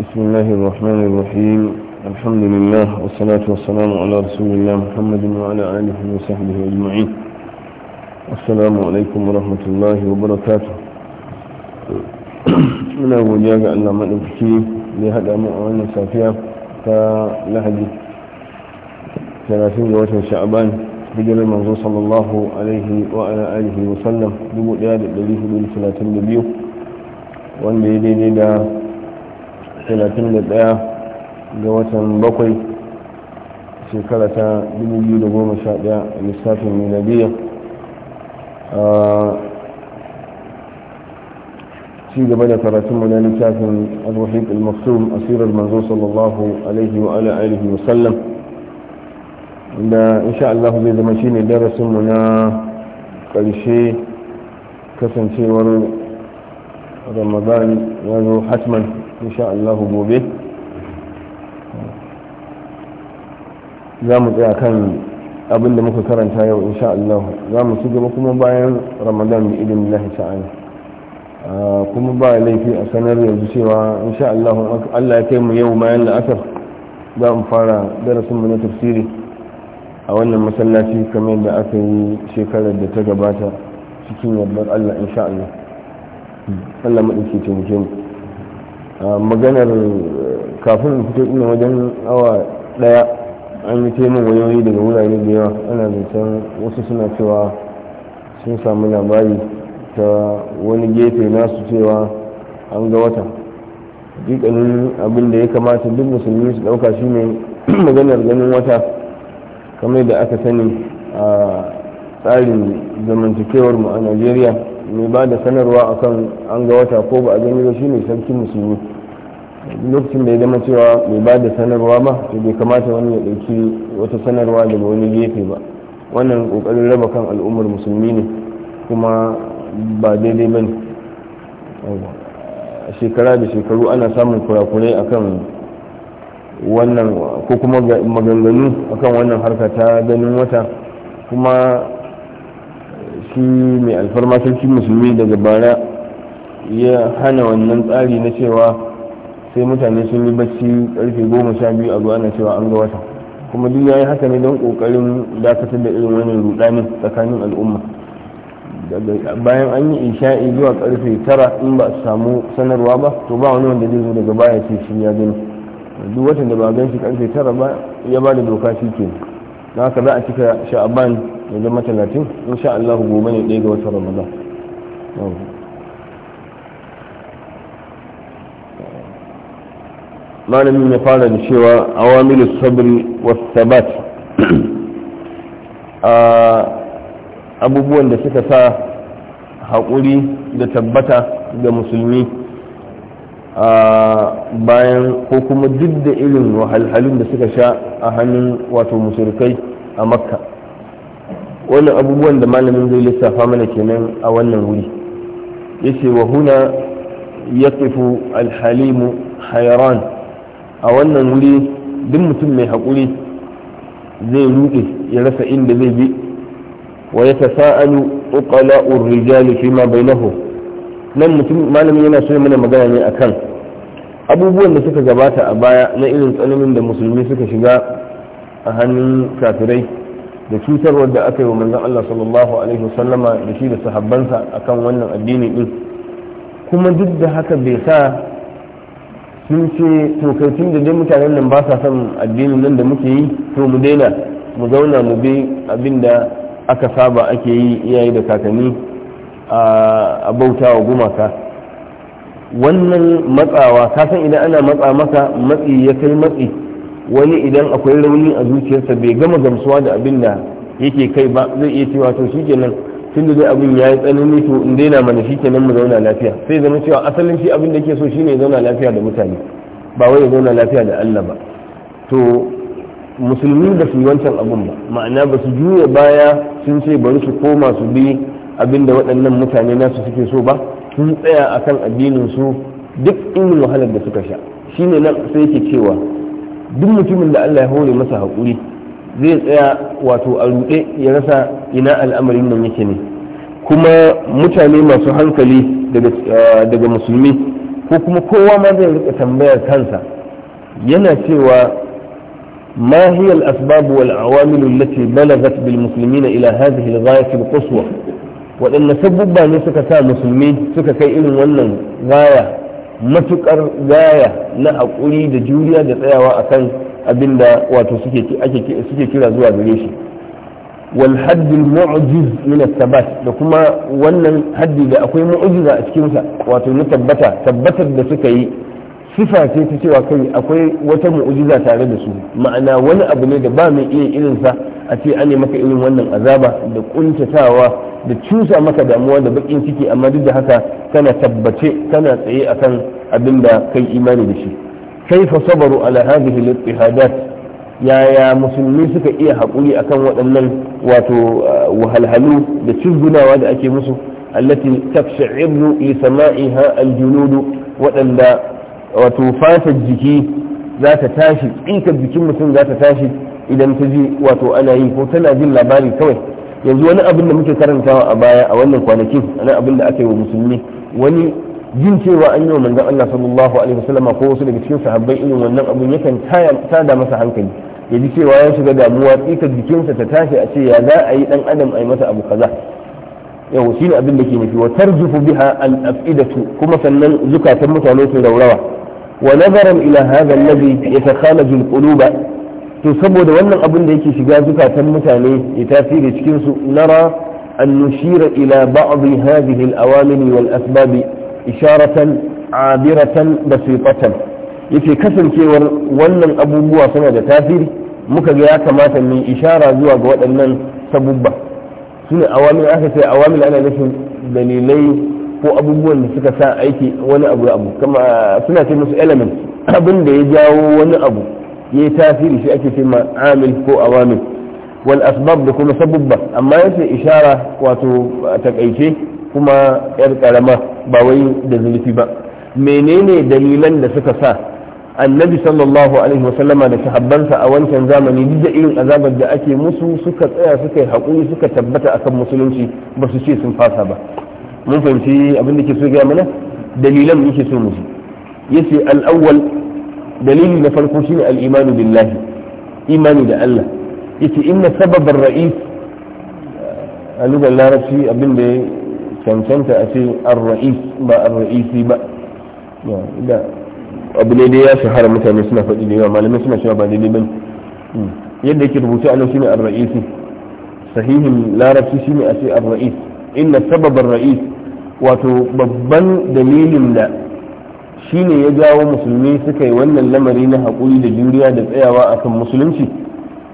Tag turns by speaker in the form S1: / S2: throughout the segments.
S1: بسم الله الرحمن الرحيم الحمد لله والصلاة والسلام على رسول الله محمد وعلى آله وصحبه أجمعين السلام عليكم ورحمة الله وبركاته من أول جاء أن من أبكي لهذا مؤمن صافية فلهدي ثلاثين جوات شعبان الله عليه وعلى آله وسلم بمؤلاء الذي wa ثلاثين 1432 wanda ya daidai da 31 ga watan bakwai shekara ta 2011 a lissafin miladiya a ci gaba da karatunmu na littafin al-wahiq al-maksum asirar manzo sallallahu alaihi wa alihi wa sallam wanda insha Allah zai zama shine darasinmu na ƙarshe kasancewar ramadan ya zo hatman insha gobe za mu tsaya kan abin da muka karanta yau insha za mu ci kuma bayan ramadan bi idin lahi ta'ala kuma ba laifi a sanar yanzu cewa insha Allah ya kai mu yau bayan la'asar za mu fara darasin mu na tafsiri a wannan masallaci kamar da aka yi shekarar da ta gabata cikin yardar Allah insha Allah maɗauki ke muke mu maganar kafin fito ina wajen awa ɗaya an yi taimun wayoyi daga wurare da yawa ana zancen wasu suna cewa sun samu labari ta wani gefe nasu cewa an ga wata jikanin abin da ya kamata duk musulmi su ɗauka shine maganar ganin wata kamar da aka sani a tsarin zamantakewar mu a najeriya mai ba da sanarwa akan an ga wata ko ba a gani ba shine sarkin musulmi lokacin da ya zama cewa mai ba da sanarwa ba to bai kamata wani ya ɗauki wata sanarwa daga wani gefe ba wannan ƙoƙarin raba kan al'ummar musulmi ne kuma ba daidai ba ne a shekara da shekaru ana samun kurakurai akan wannan ko kuma maganganu akan wannan harka ta ganin wata kuma shi mai alfarma sarki musulmi daga bara ya hana wannan tsari na cewa sai mutane sun yi bacci karfe goma sha biyu a zuwa na cewa an ga wata kuma duk ya yi haka ne don kokarin dakatar da irin wani rudanin tsakanin al'umma daga bayan an yi isha'i zuwa karfe tara in ba su samu sanarwa ba to ba wani wanda zai zo daga baya ce shi ya gani duk watan da ba gan shi karfe tara ba ya ba da doka shi ke haka za a cika sha'aban ya zama talatin insha Allah gobe ne ɗaya ga watan ramadan malamin ya fara da cewa awamilu sabri wasu sabat abubuwan da suka sa haƙuri da tabbata ga musulmi bayan ko kuma duk da irin wahalhalun da suka sha a hannun wato musulkai a makka wannan abubuwan da malamin zai lissafa mana kenan a wannan wuri yace wa huna yaqifu alhalimu hayran a wannan wuri duk mutum mai haƙuri zai ruɗe ya rasa inda zai bi wa ya tasa'alu uqala'ur rijali fi ma bainahu nan mutum malamin yana so mana magana ne akan abubuwan da suka gabata a baya na irin tsananin da musulmi suka shiga a hannun kafirai da cutarwar da aka yi wa manzan Allah sallallahu alaihi wasallama da shi da sahabbansa a kan wannan addini din kuma duk da haka bai sa sun ce to kai tun da dai mutanen nan ba sa son addinin nan da muke yi to mu daina mu zauna mu bi abin da aka saba ake yi iyaye da kakanni a bauta wa gumaka wannan matsawa kasan idan ana matsa maka matsi ya kai matsi wani idan akwai rauni a zuciyarsa bai gama gamsuwa da abin da yake kai ba zai iya cewa to shi kenan tun da dai abin ya yi tsanani to in daina mana shi kenan mu zauna lafiya sai zama cewa asalin shi abin da ke so shine ya zauna lafiya da mutane ba wai ya zauna lafiya da Allah ba to musulmi ba su yi wancan abin ba ma'ana ba su juya baya sun ce bari su koma su bi abin da waɗannan mutane nasu suke so ba sun tsaya akan addinin su duk irin wahalar da suka sha shine nan sai yake cewa duk mutumin da Allah ya hore masa haƙuri zai tsaya wato a ruɗe ya rasa ina al'amarin nan yake ne kuma mutane masu hankali daga ah, musulmi ko kuma kowa ma zai rika tambayar kansa yana cewa ma hiya al-asbab wal awamil allati balagat bil muslimina ila hadhihi al-ghayat al-quswa waɗanne sabubba ne suka sa musulmi suka kai irin wannan gaya matukar gaya na haƙuri da juriya da tsayawa akan abin da wato suke kira zuwa gare shi wal haddul mu'jiz min tabbat da kuma wannan haddi da akwai mu'jiza a cikinsa wato na tabbata tabbatar da suka yi sifa ce ta cewa kai akwai wata mu'ujiza tare da su ma'ana wani abu ne da ba mai iya irinsa a ce an maka irin wannan azaba da kuntatawa da cusa maka damuwa da bakin ciki amma duk da haka kana tabbace kana tsaye akan abin da kai imani da shi kai sabaru ala hadhihi al-ittihadat yaya musulmi suka iya haƙuri akan waɗannan wato uh, wahalhalu da cizgunawa da ake musu allati tafshi'u li sama'iha al-junud waɗanda wato fatar jiki za ta tashi tsikar jikin mutum za ta tashi idan ta ji wato ana yi ko tana jin labari kawai yanzu wani abin da muke karantawa a baya a wannan kwanakin ana abin da aka yi wa musulmi wani jin cewa an yi wa manzon Allah sallallahu alaihi wasallam ko wasu daga cikin sahabbai irin wannan abun yakan tada masa hankali ya ji cewa ya shiga damuwa tsikar jikinsa ta tashi a ce ya za a yi dan adam a yi masa abu kaza yau shine abin da ke nufi wa tarjufu biha al afidatu kuma sannan zukatan mutane su raurawa wa nazaran ila hadha alladhi yatakhalaju al quluba to saboda wannan abin da yake shiga zukatan mutane ya tasiri cikin su nara an nushira ila ba'd hadhihi al awamil wal asbab isharatan abiratan basitatan yake kasancewar wannan abubuwa suna da tasiri muka ga ya kamata mu ishara zuwa ga waɗannan sabubba shine awamin aka ce awamin ana nufin dalilai ko abubuwan da suka sa aiki wani abu abu kama suna ce musu element abin da ya jawo wani abu ya yi tasiri shi ake ce ma amil ko awamin wal asbab da kuma sabubba amma ce ishara wato takaice kuma yar karama ba wai da zulfi ba menene dalilan da suka sa annabi sallallahu alaihi wasallama da sahabbansa a wancan zamani duk da irin azabar da ake musu suka tsaya suka yi haƙuri suka tabbata akan musulunci ba su ce sun fasa ba mun fahimci abin da ke so gaya mana dalilan yake so musu yace al-awwal dalili na farko shine al-imanu billahi imani da Allah yace inna sababar ra'is a lugar larabci abin da ya cancanta a ce ar-ra'is ba ar-ra'isi ba abu ne dai ya shahara mutane suna faɗi da malamai suna cewa ba daidai bane hmm. yadda yake rubuta a nan shine ar-ra'isi sahihin larabci shine a ce ar-ra'is inna sababar ra'is wato babban dalilin da shine ya jawo musulmi suka yi wannan lamari na haƙuri da juriya da tsayawa akan musulunci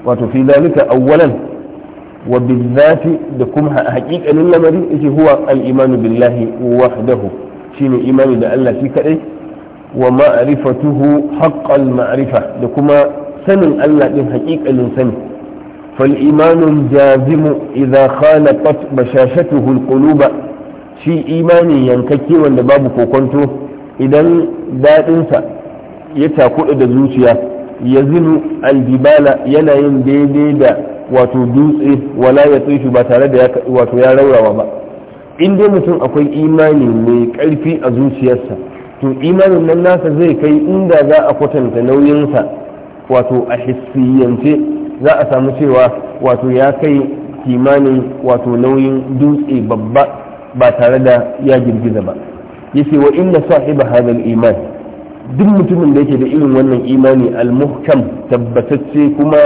S1: wato fi zalika awwalan wa bizati da kuma haƙiƙanin lamari yake huwa al-imanu billahi wahdahu shine imani da Allah shi kadai wa ma'rifatuhu haqqal ma'rifa da kuma sanin Allah din haƙiƙanin sani fal imanun jazimu idza khalaqat bashashatuhu alquluba shi imani yankakke wanda babu kokonto idan daɗinsa ya takuɗa da zuciya ya zinu aljibala yana yin daidai da wato dutse wala ya tsishi ba tare da wato ya raurawa ba in dai mutum akwai imani mai ƙarfi a zuciyarsa to imanin nan nasa zai kai inda za a kwatanta nauyinsa wato a hissiyance za a samu cewa wato ya kai kimanin wato nauyin dutse babba ba tare da ya girgiza ba yace wa inna sahiba hadal iman duk mutumin da yake da irin wannan imani al-muhkam tabbatacce kuma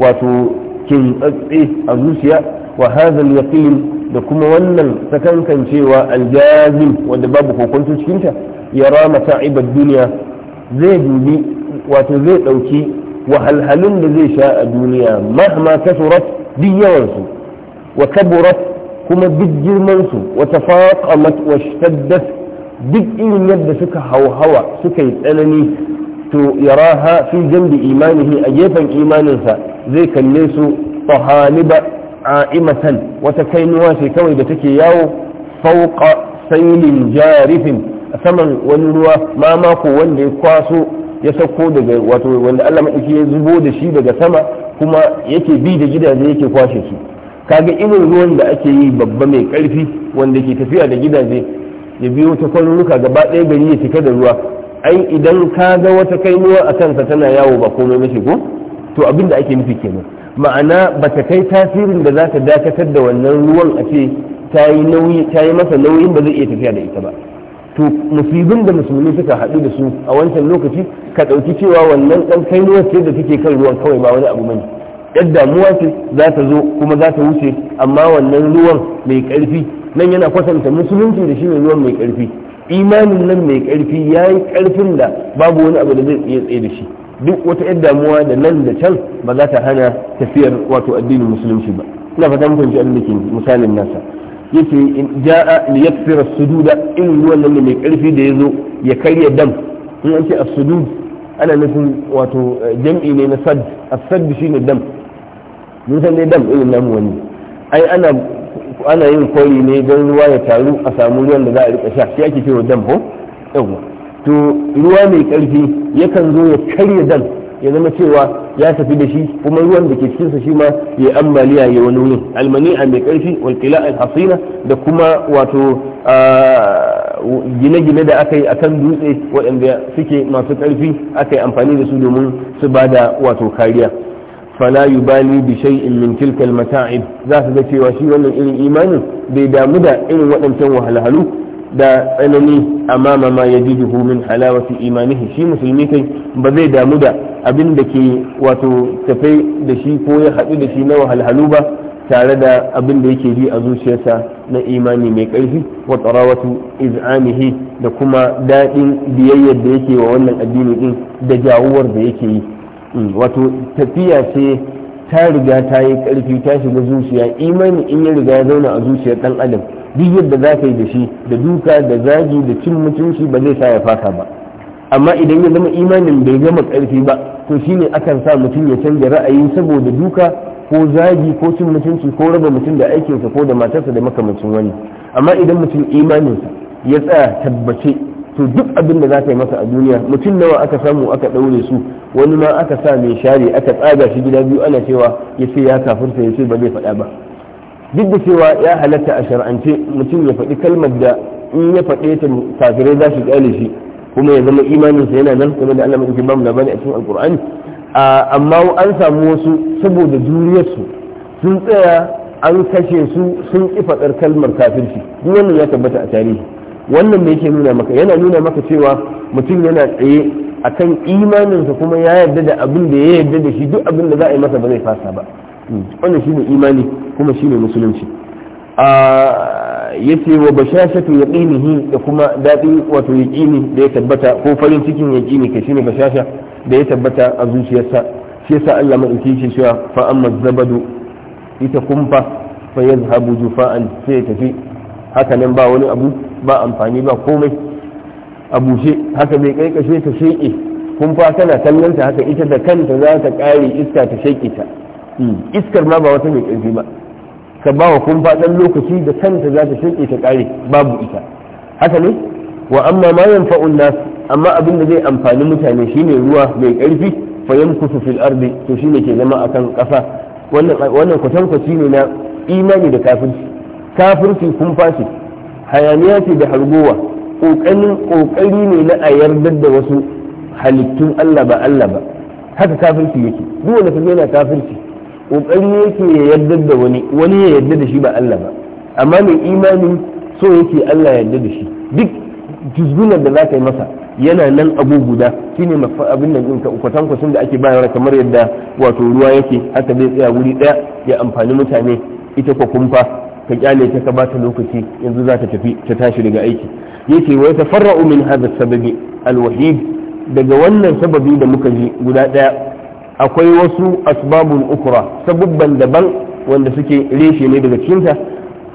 S1: wato kin tsatse a zuciya wa hadal yaqin da kuma wannan sakankancewa aljazim wanda babu kokonto cikinta ya rama ta'ibar duniya zai dubi wato zai ɗauki wahalhalun da zai sha a duniya mahma kasurat duk yawansu wa kaburat kuma duk girmansu wa tafaqamat wa shtaddat duk irin yadda suka hauhawa suka yi tsanani to yaraha fi jambi imanihi a gefen imaninsa zai kalle su tahaniba qa'imatan wata kainuwa ce kawai da take yawo fauqa sailin jarifin saman wani ruwa ma mamako wanda ya kwaso ya sauko daga wato wanda Allah madaki ya zubo da shi daga sama kuma yake bi da gidaje yake kwashe su kaga irin ruwan da ake yi babba mai karfi wanda ke tafiya da gidaje ya biyo ta kwaruruka gaba ɗaya gari ya cika da ruwa ai idan ka ga wata kainuwa a kansa tana yawo ba komai mace ko to abin da ake nufi kenan ma'ana ba ta kai tasirin da za ta dakatar da wannan ruwan a ce ta yi masa nauyin ba zai iya tafiya da ita ba to musibin da musulmi suka haɗu da su a wancan lokaci ka ɗauki cewa wannan ɗan kainuwar ce da take kan ruwan kawai ba wani abu mai ɗan damuwa ce za ta zo kuma za ta wuce amma wannan ruwan mai ƙarfi nan yana kwatanta musulunci da shi ne ruwan mai ƙarfi imanin nan mai ƙarfi ya yi ƙarfin da babu wani abu da zai tsaye da shi duk wata yar damuwa da nan da can ba za ta hana tafiyar wato addinin musulunci ba ina fata muku ji annake misalin nasa yace in jaa li yakfira sududa in ruwan nan mai karfi da yazo ya karya dam in an ce as-sudud ana nufin wato eh, jam'i ne na sad as-sad shine dam mun san dai dam irin namu wani ai ana ana yin kwari ne don ruwa ya taru a samu ruwan da za a rika sha shi ake cewa dam ko yawa to ruwa mai karfi yakan zo ya karya dan ya zama cewa ya tafi da shi kuma ruwan da ke cikinsa shi ma ya ambaliya ya wani wurin a mai karfi walƙila al-hasina da kuma wato gine-gine da aka yi a kan dutse waɗanda suke masu karfi aka yi amfani da su domin su ba da wato kariya fala yubali bi shay'in min tilka al-mata'ib za su ga cewa shi wannan irin imanin bai damu da irin waɗancan wahalhalu da tsanani amma ma ya jijihu min halawati imanihi shi musulmi kai ba zai damu da abin da ke wato tafai da shi ko ya haɗu da shi na wahalhalu ba tare da abin da yake ji a zuciyarsa na imani mai ƙarfi wa tsarawatu iz'amihi da kuma daɗin biyayyar da yake wa wannan addini din da jawuwar da yake yi hmm, wato tafiya ce ta riga ta yi karfi ta shiga zuciya imani in ya riga ya zauna a zuciyar ɗan adam duk yadda za ka yi da shi da duka da zagi da cin mutunci ba zai sa ya fasa ba amma idan ya zama imanin bai gama karfi ba to shine akan sa mutum ya canza ra'ayi saboda duka ko zagi ko cin mutunci ko raba mutum da aikinsa ko da matarsa da makamancin wani amma idan mutum imaninsa ya tsaya tabbace to duk abin da za ta yi masa a duniya mutum nawa aka samu aka ɗaure su wani ma aka sa mai share aka tsaga shi gida biyu ana cewa ya ce ya kafirta ya ce ba zai faɗa ba duk da cewa ya halatta a shar'ance mutum ya faɗi kalmar da in ya faɗe ta kafirai za su ƙyale shi kuma ya zama imaninsa yana nan kuma da Allah mai bamu labari a cikin alkur'ani amma an samu wasu saboda juriyarsu sun tsaya an kashe su sun ƙi faɗar kalmar kafirci duk wannan ya tabbata a tarihi wannan me yake nuna maka yana nuna maka cewa mutum yana tsaye a kan imaninsa kuma ya yarda da abin da ya yarda da shi duk abin da za a yi masa ba zai fasa ba hmm. wannan shine imani kuma shine musulunci ah, ya ce wa bashashatu ƙinihi da kuma dadi wato yaqini da ya tabbata ko farin cikin ya yaqini kai ne bashasha da ya tabbata a zuciyarsa shi yasa Allah mai shi cewa fa amma zabadu ita kumfa fa habu jufa'an sai tafi hakanan ba wani abu ba amfani ba komai a bushe haka zai kaikashe ta sheƙe kun fa tana kallon ta haka ita da kanta za ta ƙare iska ta sheƙe ta hmm, iskar ma ba wata mai ƙarfi ba ka ba wa kun faɗan lokaci da kanta za ta sheƙe ta ƙare babu ita haka ne wa amma ma yanfa'un nas amma abin da zai amfani mutane shine ruwa mai ƙarfi fa yamkusu fil ardi to shine ke zama akan ƙasa wannan wannan kwatankwaci ne na imani da kafirci kafirci kun fashi hayaniya ce da hargowa ƙoƙari ne na a yardar da wasu halittun Allah ba Allah ba haka kafirci yake duk wanda kaga yana kafirci ƙoƙari yake ya yardar da wani wani ya yarda da shi ba Allah ba amma mai imani so yake Allah ya yarda da shi duk juzgunar da za ka yi masa yana nan abu guda shine abin nan ɗin kwatankwacin da ake bayarwa kamar yadda wato ruwa yake haka zai tsaya wuri ɗaya ya amfani mutane ita kwakumfa ka kyale ta ka bata lokaci yanzu za ta tafi ta tashi daga aiki yace wai ta min hada sababi alwahid daga wannan sababi da muka ji guda daya akwai wasu asbabun ukura sabubban daban wanda suke reshe ne daga cikin ta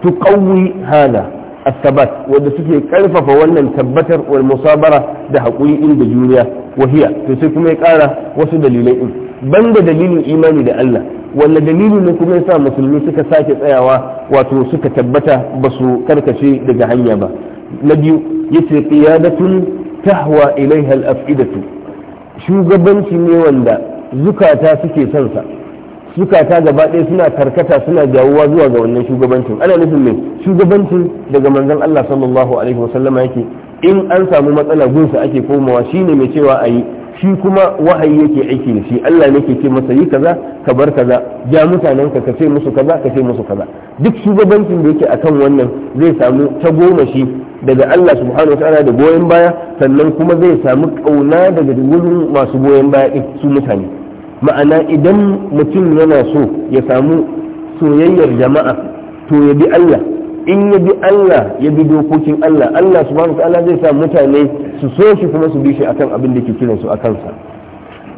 S1: tuqawwi hada asabat wanda suke karfafa wannan tabbatar wal musabara da hakuri inda juriya wahiya to sai kuma ya kara wasu dalilai din banda dalilin imani da Allah wanda dalili ne kuma yasa musulmi suka sake tsayawa wato suka tabbata ba su karkace daga hanya ba na biyu yace qiyadatun tahwa ilaiha al-af'idatu shugabanci ne wanda zukata suke son sa zukata gaba ɗaya suna karkata suna jawuwa zuwa ga wannan shugabancin ana nufin ne shugabancin daga manzon Allah sallallahu alaihi wasallama yake in an samu matsala gunsa ake komawa shine mai cewa ayi shi kuma wahayi yake aiki da shi Allah ne ke ce masa yi kaza ka bar kaza ja mutanenka ka ka ce musu kaza ka ce musu kaza duk shugabancin da yake akan wannan zai samu ta goma shi daga Allah subhanahu wataala da goyon baya sannan kuma zai samu kauna daga wurin masu goyon baya din su mutane ma'ana idan mutum yana so ya samu soyayyar jama'a to ya bi Allah in ya bi Allah ya bi dokokin Allah Allah subhanahu ta'ala zai sa mutane su so shi kuma su bi shi akan abin da ke kiran su akan sa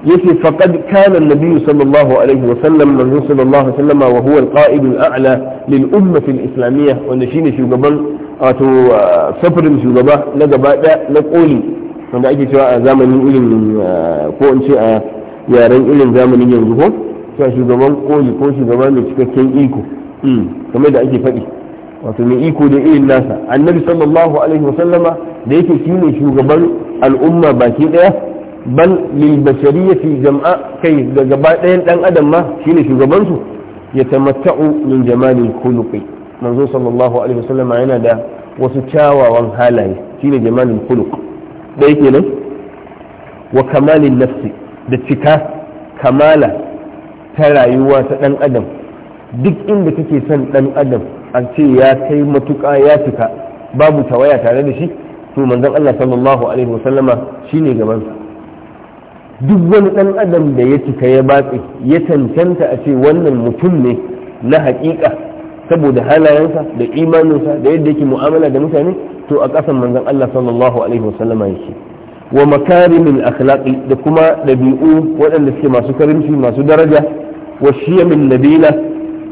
S1: yace faqad kana an-nabiy sallallahu alaihi wa sallam manzo sallallahu alaihi wa huwa al ala lil ummah al-islamiyyah wanda shine shugaban wato uh, safarin shugaba na gaba daya na koli wanda ake cewa a zamanin ilimin uh, ko in ce a yaren irin zamanin yanzu ko shugaban koli ko shugaba mai cikakken iko hmm, kamar da ake faɗi wato mai iko da irin nasa annabi sallallahu alaihi wasallama da yake ne shugaban al'umma baki daya bal lil fi jam'a kai da gaba ɗayan dan adam ma shine shugaban su yatamatta'u min jamalil khuluqi manzo sallallahu alaihi wasallama yana da wasu kyawawan halaye shine jamalul khuluq yake nan wa kamalin nafsi da cika kamala ta rayuwa ta dan adam duk inda kake son dan adam an ce ya kai matuƙa ya cika babu tawaya tare da shi to manzon Allah sallallahu alaihi wasallama shine gaban sa duk wani dan adam da ya cika ya batsi ya tantanta a ce wannan mutum ne na haƙiƙa saboda halayensa da imaninsa da yadda yake mu'amala da mutane to a ƙasan manzon Allah sallallahu alaihi wasallama yake wa makarimin akhlaqi da kuma dabi'u waɗanda suke masu karimci masu daraja wa shiyamin nabila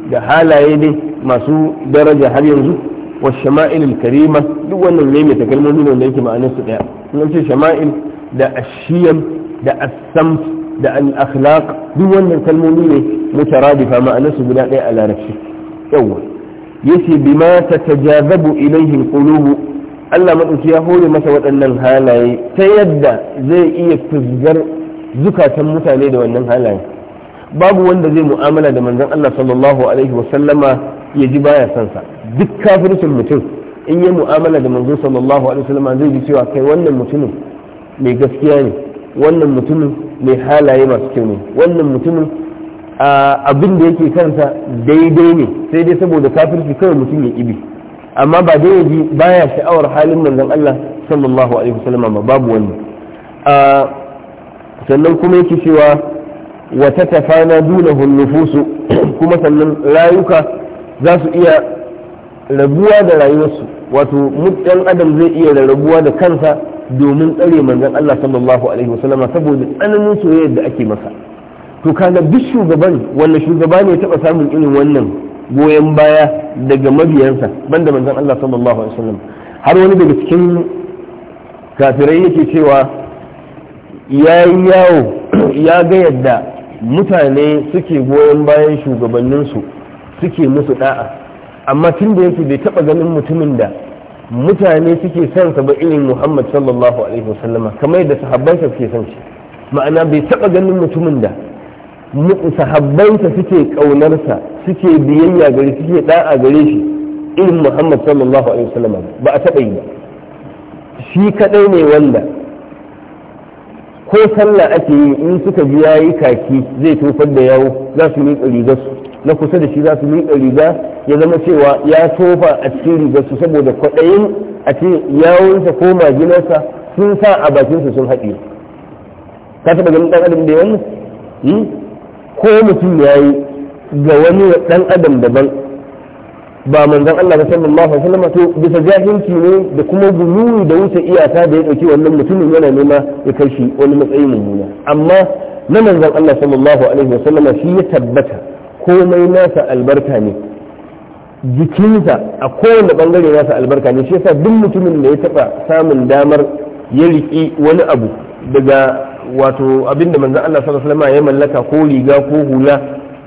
S1: da halaye ne masu daraja har yanzu wa shama'il karima duk wannan ne mai takalmomi ne wanda yake ma'anar su daya in ce shama'il da ashiyam da asam da al-akhlaq duk wannan kalmomi ne mutaradifa ma'anar su guda daya a larabci yawa yace bima tatajazabu ilayhi al-qulub Allah madauki ya hore masa waɗannan halaye ta yadda zai iya fizgar zukatan mutane da wannan halaye babu wanda zai mu'amala da manzon Allah sallallahu alaihi wa sallama ya ji baya son sa duk kafircin mutum in yi mu'amala da manzo sallallahu alaihi wasallam zai ji cewa kai wannan mutumin mai gaskiya ne wannan mutumin mai halaye masu kyau ne wannan mutumin abin da yake kansa daidai ne sai dai saboda kafirci kawai mutum ya ibi amma ba dai ya ji baya sha'awar halin manzon Allah sallallahu alaihi wasallam ba babu wannan sannan kuma yake cewa wa tatafana dunahun nufusu kuma sannan rayuka za su iya rabuwa da rayuwarsu wato mutan adam zai iya rabuwa da kansa domin tsare manzon Allah sallallahu alaihi wasallama saboda tsananin soyayya da ake masa to kaga duk shugaban wanda shugaba ne taba samun irin wannan goyon baya daga mabiyansa banda manzon Allah sallallahu alaihi wasallam har wani daga cikin kafirai yake cewa ya yi yawo ya ga yadda mutane suke goyon bayan shugabanninsu suke musu da'a amma tun da yake bai taba ganin mutumin da mutane suke son sa ba irin Muhammad sallallahu alaihi wasallama kamar yadda sa suke son shi ma'ana bai taba ganin mutumin da sa suke sa suke biyayya gare suke da'a gare shi irin Muhammad sallallahu alaihi wasallama ba a taba yi ba shi kadai ne wanda ko sallah ake yi in suka ji yayi kaki zai tofar da yawo za su yi miƙa su. na kusa da shi za su miƙa riga ya zama cewa ya tofa a cikin rigarsu saboda kwaɗayin a ce yawonsa ko maginarsa sun sa a bakinsa sun haɗe ka taɓa ganin ɗan adam da wannan hmm? ko mutum ya yi ga wani ɗan adam daban ba manzan Allah ba sallallahu alaihi wasallam to bisa jahilci ne da kuma guluwi da wuce iyaka da ya ɗauki wannan mutumin yana nema ya kai shi wani matsayi mummuna amma na manzan Allah sallallahu alaihi wasallam shi ya tabbata komai nasa albarka ne jikinsa a kowane bangare nasa albarka ne shi yasa duk mutumin da ya taba samun damar ya riki wani abu daga wato abinda manzan Allah sallallahu alaihi ya mallaka ko riga ko hula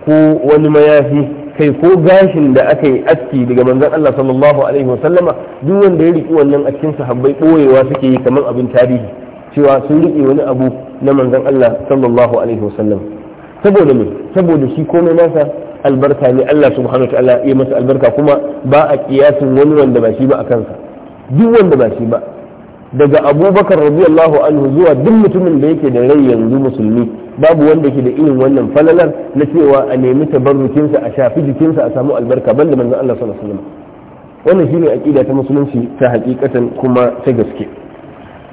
S1: ko wani mayafi kai ko gashin da aka yi aski daga manzon Allah sallallahu alaihi wasallama duk wanda ya riki wannan a cikin sahabbai boyewa suke yi kamar abin tarihi cewa sun rike wani abu na manzon Allah sallallahu alaihi saboda me saboda shi komai nasa albarka ne Allah subhanahu ta'ala ya masa albarka kuma ba a kiyasin wani wanda ba shi ba a kansa duk wanda ba shi ba daga abubakar radiyallahu anhu zuwa duk mutumin da yake da rai yanzu musulmi babu wanda ke da irin wannan falalar na cewa a nemi tabarrukinsa a shafi jikinsa a samu albarka banda manzon Allah sallallahu alaihi wasallam wannan shine aqida ta musulunci ta hakikatan kuma ta gaske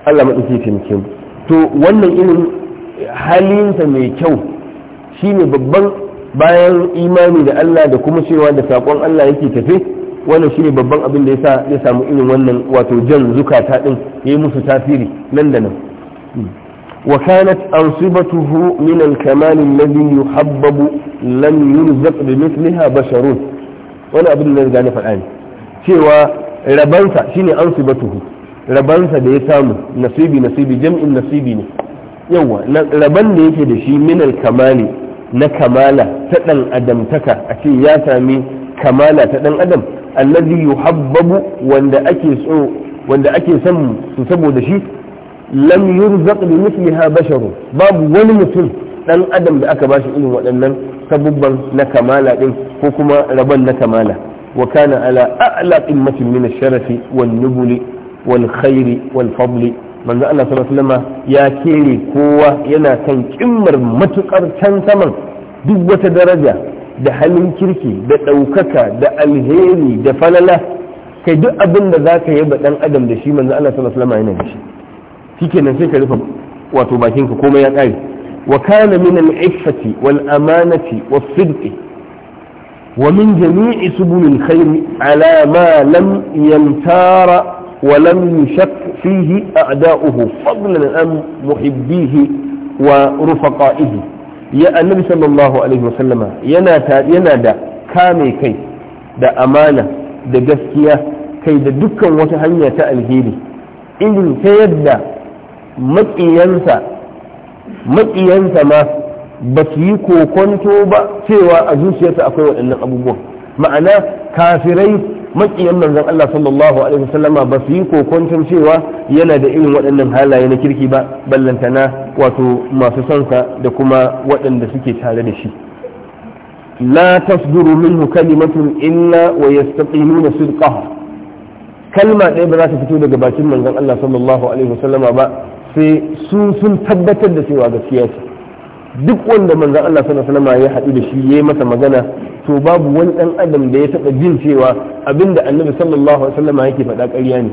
S1: Allah madauki ya taimake mu to wannan irin halinsa mai kyau shine babban bayan imani da Allah da kuma cewa da sakon Allah yake tafe wannan shine babban abin da yasa ya samu irin wannan wato jan zukata din yayi musu tasiri nan da nan wa kanat ansibatuhu min al-kamal alladhi yuhabbabu lam yurzaq bi mithliha basharun wani abin da ya gane faɗa ne cewa rabansa shine ansibatuhu rabansa da ya samu nasibi nasibi jam'in nasibi ne yawa rabon da yake da shi minal kamali na kamala ta dan adamtaka a ce ya sami kamala ta dan adam allazi yuhabbabu wanda ake so wanda ake son su saboda shi lam yurzaq bi mithliha basharu babu wani mutum dan adam da aka bashi irin waɗannan sabubban na kamala din ko kuma rabon na kamala wa kana ala a'la qimmatin min ash-sharafi wan nubuli wal khairi wal fadli manzo Allah sallallahu alaihi wasallam ya kere kowa yana kan kimmar matukar can saman duk wata daraja da halin kirki da daukaka da alheri da falala kai duk abin da zaka ka yaba dan adam da shi manzo Allah sallallahu alaihi wasallam yana da shi shikenan sai ka rufe wato bakin ka komai ya kare wa kana min al-iffati wal amanati was sidqi wa min jami'i subul الخير ala ma lam يمتار ولم يشك فيه أعداؤه فضلا عن محبيه ورفقائه يا النبي صلى الله عليه وسلم ينادى كامي كي دا أمانة دا جسكية كي دا دكا وتهنية تألهيلي إذن تيدى مكيانسا مكيانسا ما بسيكو كنتو با سوى أزوسية أقوى أن أبوه معناه كافرين makiyan manzon Allah sallallahu alaihi wasallama ba su yi kokonton cewa yana da irin waɗannan halaye na kirki ba ballantana wato masu sonsa da kuma waɗanda suke tare da shi la tasduru minhu kalimatun illa wa yastaqimuna sidqaha kalma ɗaya ba za ta fito daga bakin manzon Allah sallallahu alaihi wasallama ba sai su sun tabbatar da cewa gaskiya ce duk wanda manzan Allah sallallahu alaihi ya haɗu da shi ya yi masa magana to babu wani ɗan adam da ya taɓa jin cewa abinda annabi sallallahu alaihi wasallama yake faɗa ƙarya ne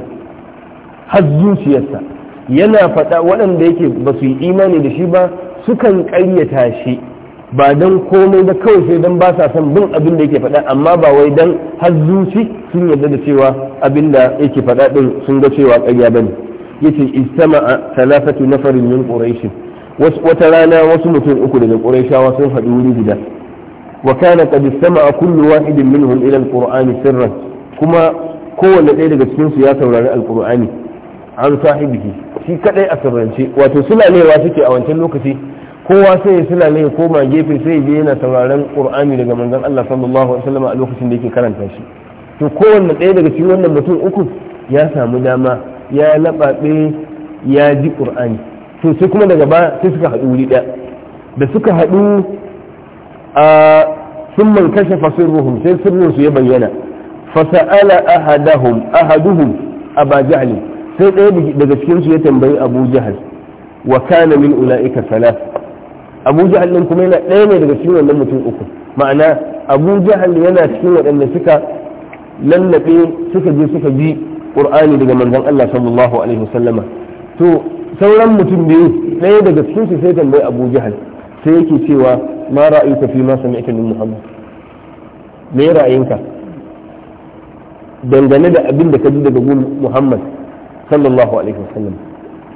S1: har zuciyarsa yana faɗa waɗanda yake ba su yi imani da shi ba sukan ƙaryata shi ba don komai da kawai sai don ba sa son bin abin da yake faɗa amma ba wai don har zuci sun yarda da cewa abinda yake faɗa ɗin sun ga cewa ƙarya ba ne yace istama'a talafatu nafarin min quraish wata rana wasu mutum uku daga qurayshawa sun haɗu wuri guda wa kana qad istama'a kullu wahidin minhum ila alqur'ani sirran kuma kowanne ɗaya daga cikin su ya saurari alqur'ani an sahibihi shi kadai a sirrance wato wa suke a wancan lokaci kowa sai ya ne ya koma gefe sai ya yana sauraron qur'ani daga manzon Allah sallallahu alaihi wasallam a lokacin da yake karanta shi to kowanne ɗaya daga cikin wannan mutum uku ya samu dama ya labaɓe ya ji qur'ani to sai kuma daga baya sai suka haɗu wuri ɗaya da suka haɗu a sun man kashe fasirruhum sai su ya bayyana fasa'ala ahadahum ahaduhum aba jahli sai ɗaya daga su ya tambayi abu jahal wa kana min ula'ika salas abu jahal ɗin kuma yana ɗaya ne daga cikin wannan mutum uku ma'ana abu jahal yana cikin waɗanda suka lallaɓe suka je suka ji ƙur'ani daga manzon allah sallallahu alaihi wasallama to sauran mutum biyu ɗaya daga cikin su sai tambayi abu jahal sai yake cewa ma ra'ayuka fi ma sami'ta min muhammad me ra'ayinka dangane da abin da ka ji daga gun muhammad sallallahu alaihi wasallam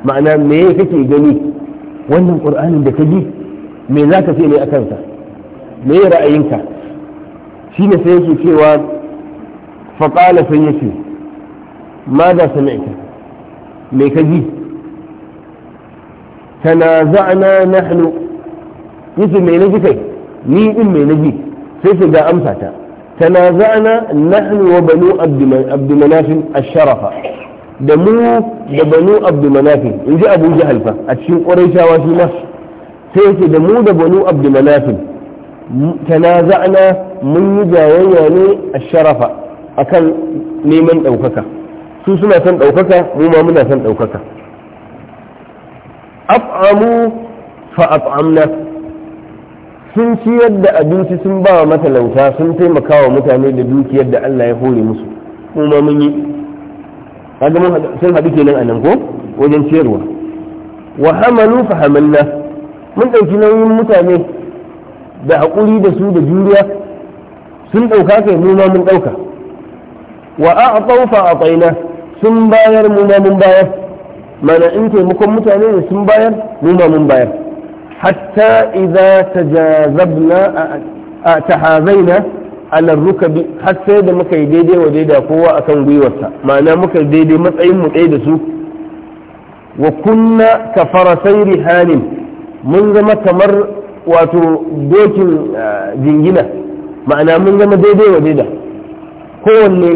S1: ma'ana me kake gani wannan qur'anin da ka ji me za ka ce ne a kansa me ra'ayinka shi ne sai yake cewa faƙala sai yake ma da sami'ta me ka ji tanaza'na nahnu yace me naji kai ni din me naji sai su ga amsa ta tanaza'na nahnu wa banu abdu manaf ash-sharafa da mu da banu abdu manaf in ji abu jahal fa a cikin quraishawa shi ma sai yace da mu da banu abdu manaf tanaza'na mun yi jayayya ne ash-sharafa akan neman daukaka su suna son daukaka mu ma muna son daukaka af'amu fa af'amna sun ciyar da abinci sun ba wa matalauta sun taimaka wa mutane da dukiyar da Allah ya hore musu mu ma mun yi kaga sun haɗu kenan anan ko wajen ciyarwa wa hamalu fa hamalna mun ɗauki nauyin mutane da haƙuri da su da juriya sun ɗauka kai mu ma mun ɗauka wa a'tau fa a'taina sun bayar mu ma mun bayar mana in taimakon mutane ne sun bayar mu ma mun bayar hatta idza tajazabna tahazaina ala rukabi har sai da muka yi daidai wa daida kowa akan gwiwarsa ma'ana muka yi daidai matsayin mu da su wa kunna sairi rihanin mun zama kamar wato dokin jingina ma'ana mun zama daidai wa daida kowanne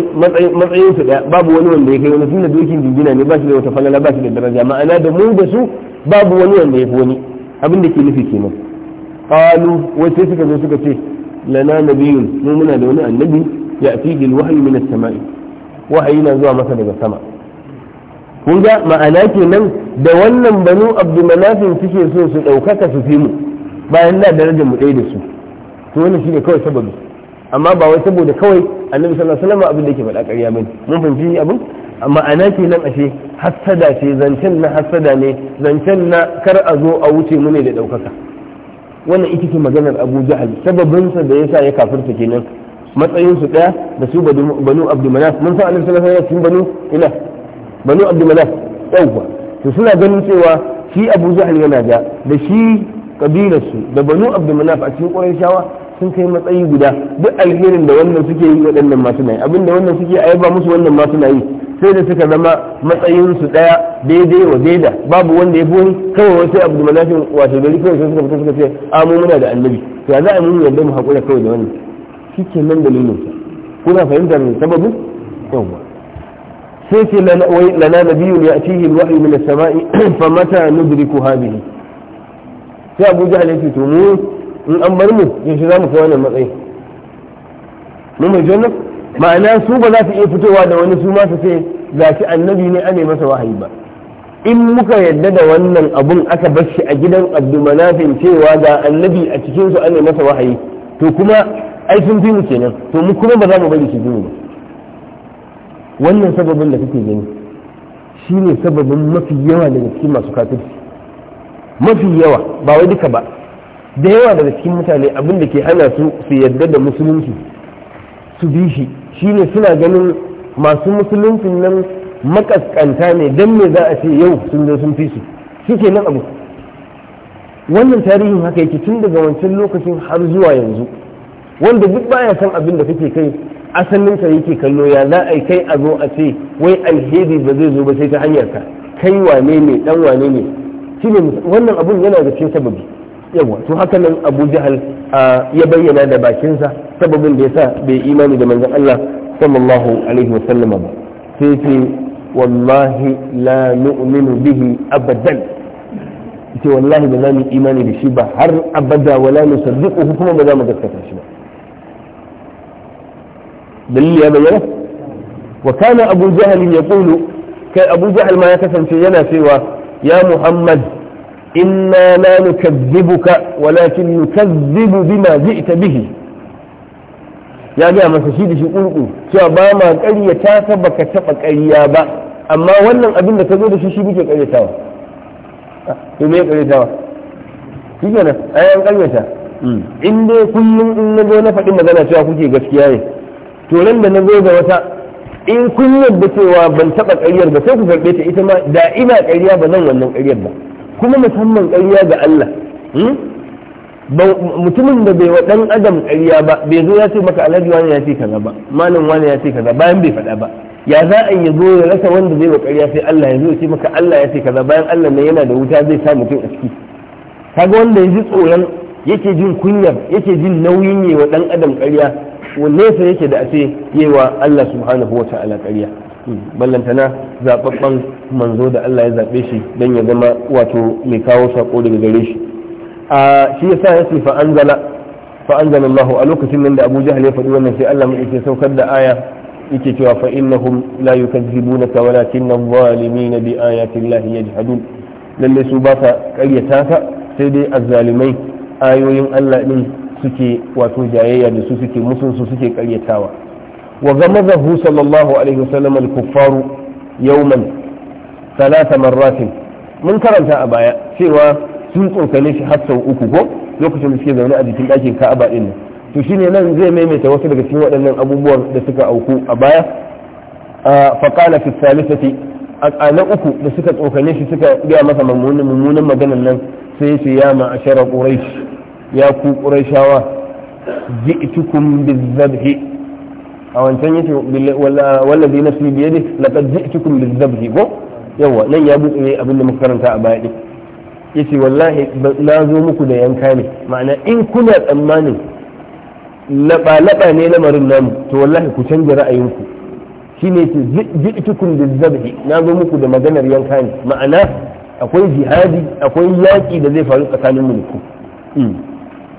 S1: matsayin su babu wani wanda ya kai wani tunda dokin jingina ne ba shi da wata falala ba shi da daraja ma'ana da mu da su babu wani wanda ya fi wani abin da ke nufi kenan qalu wai sai suka zo suka ce lana nabiyun mu muna da wani annabi ya fi bil wahyi min as-sama'i wahayi na zuwa masa daga sama kun ga ma'ana kenan da wannan banu abdumanafin suke so su ɗaukaka su fi mu bayan da darajar mu ɗaya da su to wannan shine kawai sababi amma ba wai saboda kawai annabi sallallahu alaihi wasallam abin da yake faɗa ƙarya bane mun fahimci abin amma ana kenan ashe hassada ce zancen na hassada ne zancen na kar a zo a wuce mu ne da ɗaukaka wannan ita ce maganar abu jahal sababinsa da yasa ya kafirta kenan matsayinsu ɗaya da su banu abdumanaf mun san annabi sallallahu alaihi wasallam banu ila banu abdumanaf yauwa to suna ganin cewa shi abu jahal yana da da shi kabilarsu da banu abdumanaf a cikin ƙwarar shawa sun kai matsayi guda duk alherin da wannan suke yi waɗannan masu nayi abin da wannan suke a ba musu wannan masu nayi sai da suka zama matsayin su daya daidai wa daida babu wanda ya boni kawai wasu abu da manafin wato gari kawai sai suka fita suka ce amu muna da annabi to ya za a mun yadda mu haƙura kawai da wannan shi ke nan dalilin sa kuna fahimtar sababin yawwa sai ce lana nabiyun ya atihi alwahyu min as-sama'i famata nudriku hadhihi sai abu jahal ya ce to mu in an bar mu yaushe za mu kai wannan matsayi mu mai jannan ma'ana su ba za su iya fitowa da wani su masu sai ce gashi annabi ne ane masa wahayi ba in muka yadda da wannan abun aka bar shi a gidan abdulmanafin cewa ga annabi a cikinsu su ane masa wahayi to kuma ai sun fi mu kenan to mu kuma ba za mu bari shi mu ba wannan sababin da kake gani shi ne sababin mafi yawa daga cikin masu kafirci mafi yawa ba wai duka ba da yawa daga cikin mutane abin da ke hana su su yarda da musulunci su bi shi shine suna ganin masu musuluncin nan makaskanta ne don me za a ce yau sun zo sun fi su shi ke nan abu wannan tarihin haka yake tun daga wancan lokacin har zuwa yanzu wanda duk baya san abin da kake kai ka yake kallo ya za a kai a zo a ce wai alheri ba zai zo ba sai ta hanyar ka kai wane ne dan wane ne shine wannan abun yana da cikin sababi yawa to haka nan abu jahal ya bayyana da bakinsa sababin da yasa bai imani da manzon Allah sallallahu alaihi wa sallam ba sai ce wallahi la nu'minu bihi abadan ce wallahi ba za mu imani da shi ba har abada wala nusaddiquhu kuma ba za mu gaskata shi ba dalili ya bayyana wa kana abu jahal yaqulu kai abu jahal ma ya kasance yana cewa ya muhammad inna la nukazzibuka walakin nukazzibu bima ji'ta bihi ya gaya masa shi da shi ƙulƙu cewa ba ma ƙarya ta ka taɓa ƙarya ba amma wannan abin ka zo da shi shi muke ƙaryatawa to me ƙaryatawa shi ke nan ai an ƙaryata in dai kullum in na zo na faɗi magana cewa kuke gaskiya ne to nan da na zo da wata in kun yadda cewa ban taɓa ƙaryar ba sai ku karɓe ta ita ma da ina ƙarya ba zan wannan ƙaryar ba kuma musamman ƙarya ga Allah hmm? mutumin da bai wa ɗan adam ƙarya ba bai zo ya ce maka alhaji wani ya ce kaza ba malam wani ya ce kaza bayan bai faɗa ba ya za a yi zo ya rasa wanda zai wa ƙarya sai Allah ya zo ya ce maka Allah ya ce kaza bayan Allah ne yana da wuta zai sa mutum a ciki kaga wanda ya ji tsoron yake jin kunyar yake jin nauyin yi wa ɗan adam ƙarya wanne sai yake da a ce yi wa Allah subhanahu wa ta'ala ƙarya ballantana zababban manzo da Allah ya zaɓe shi dan ya zama wato mai kawo saƙo daga gare shi a shi yasa ya ce anzala fa Allah a lokacin nan da Abu Jahl ya faɗi wannan sai Allah yake saukar da aya yake cewa fa innahum la yukazzibunaka walakinna adh-dhalimin bi ayati Allah yajhadun lalle su ba sa ƙaryata ka sai dai azzalimai ayoyin Allah din suke wato jayayya da su suke musun su suke ƙaryatawa wa gamazahu sallallahu alaihi wasallam al-kuffaru yawman talata mun karanta a baya cewa sun tsokane shi har sau uku ko lokacin da suke zaune a jikin ɗakin ka'aba ɗin to shine nan zai maimaita wasu daga cikin waɗannan abubuwan da suka auku a baya faƙala fi salisati a na uku da suka tsokane shi suka gaya masa mummunan maganan nan sai ya ce ya ma'ashara ƙuraish ya ku ƙuraishawa ji'tukum bizabhi a wancan yace wallazi nafsi bi yadi a cikin bizabhi ko yawa nan ya buɗe abin abinda muka karanta a baya yace wallahi na zo muku da yanka ne ma'ana in kuna tsammanin laba-laba ne lamarin namu to wallahi ku canja ra'ayinku shi ne shine yace ji'tukum bizabhi na zo muku da maganar yanka ne ma'ana akwai jihadi akwai yaƙi da zai faru tsakanin mulku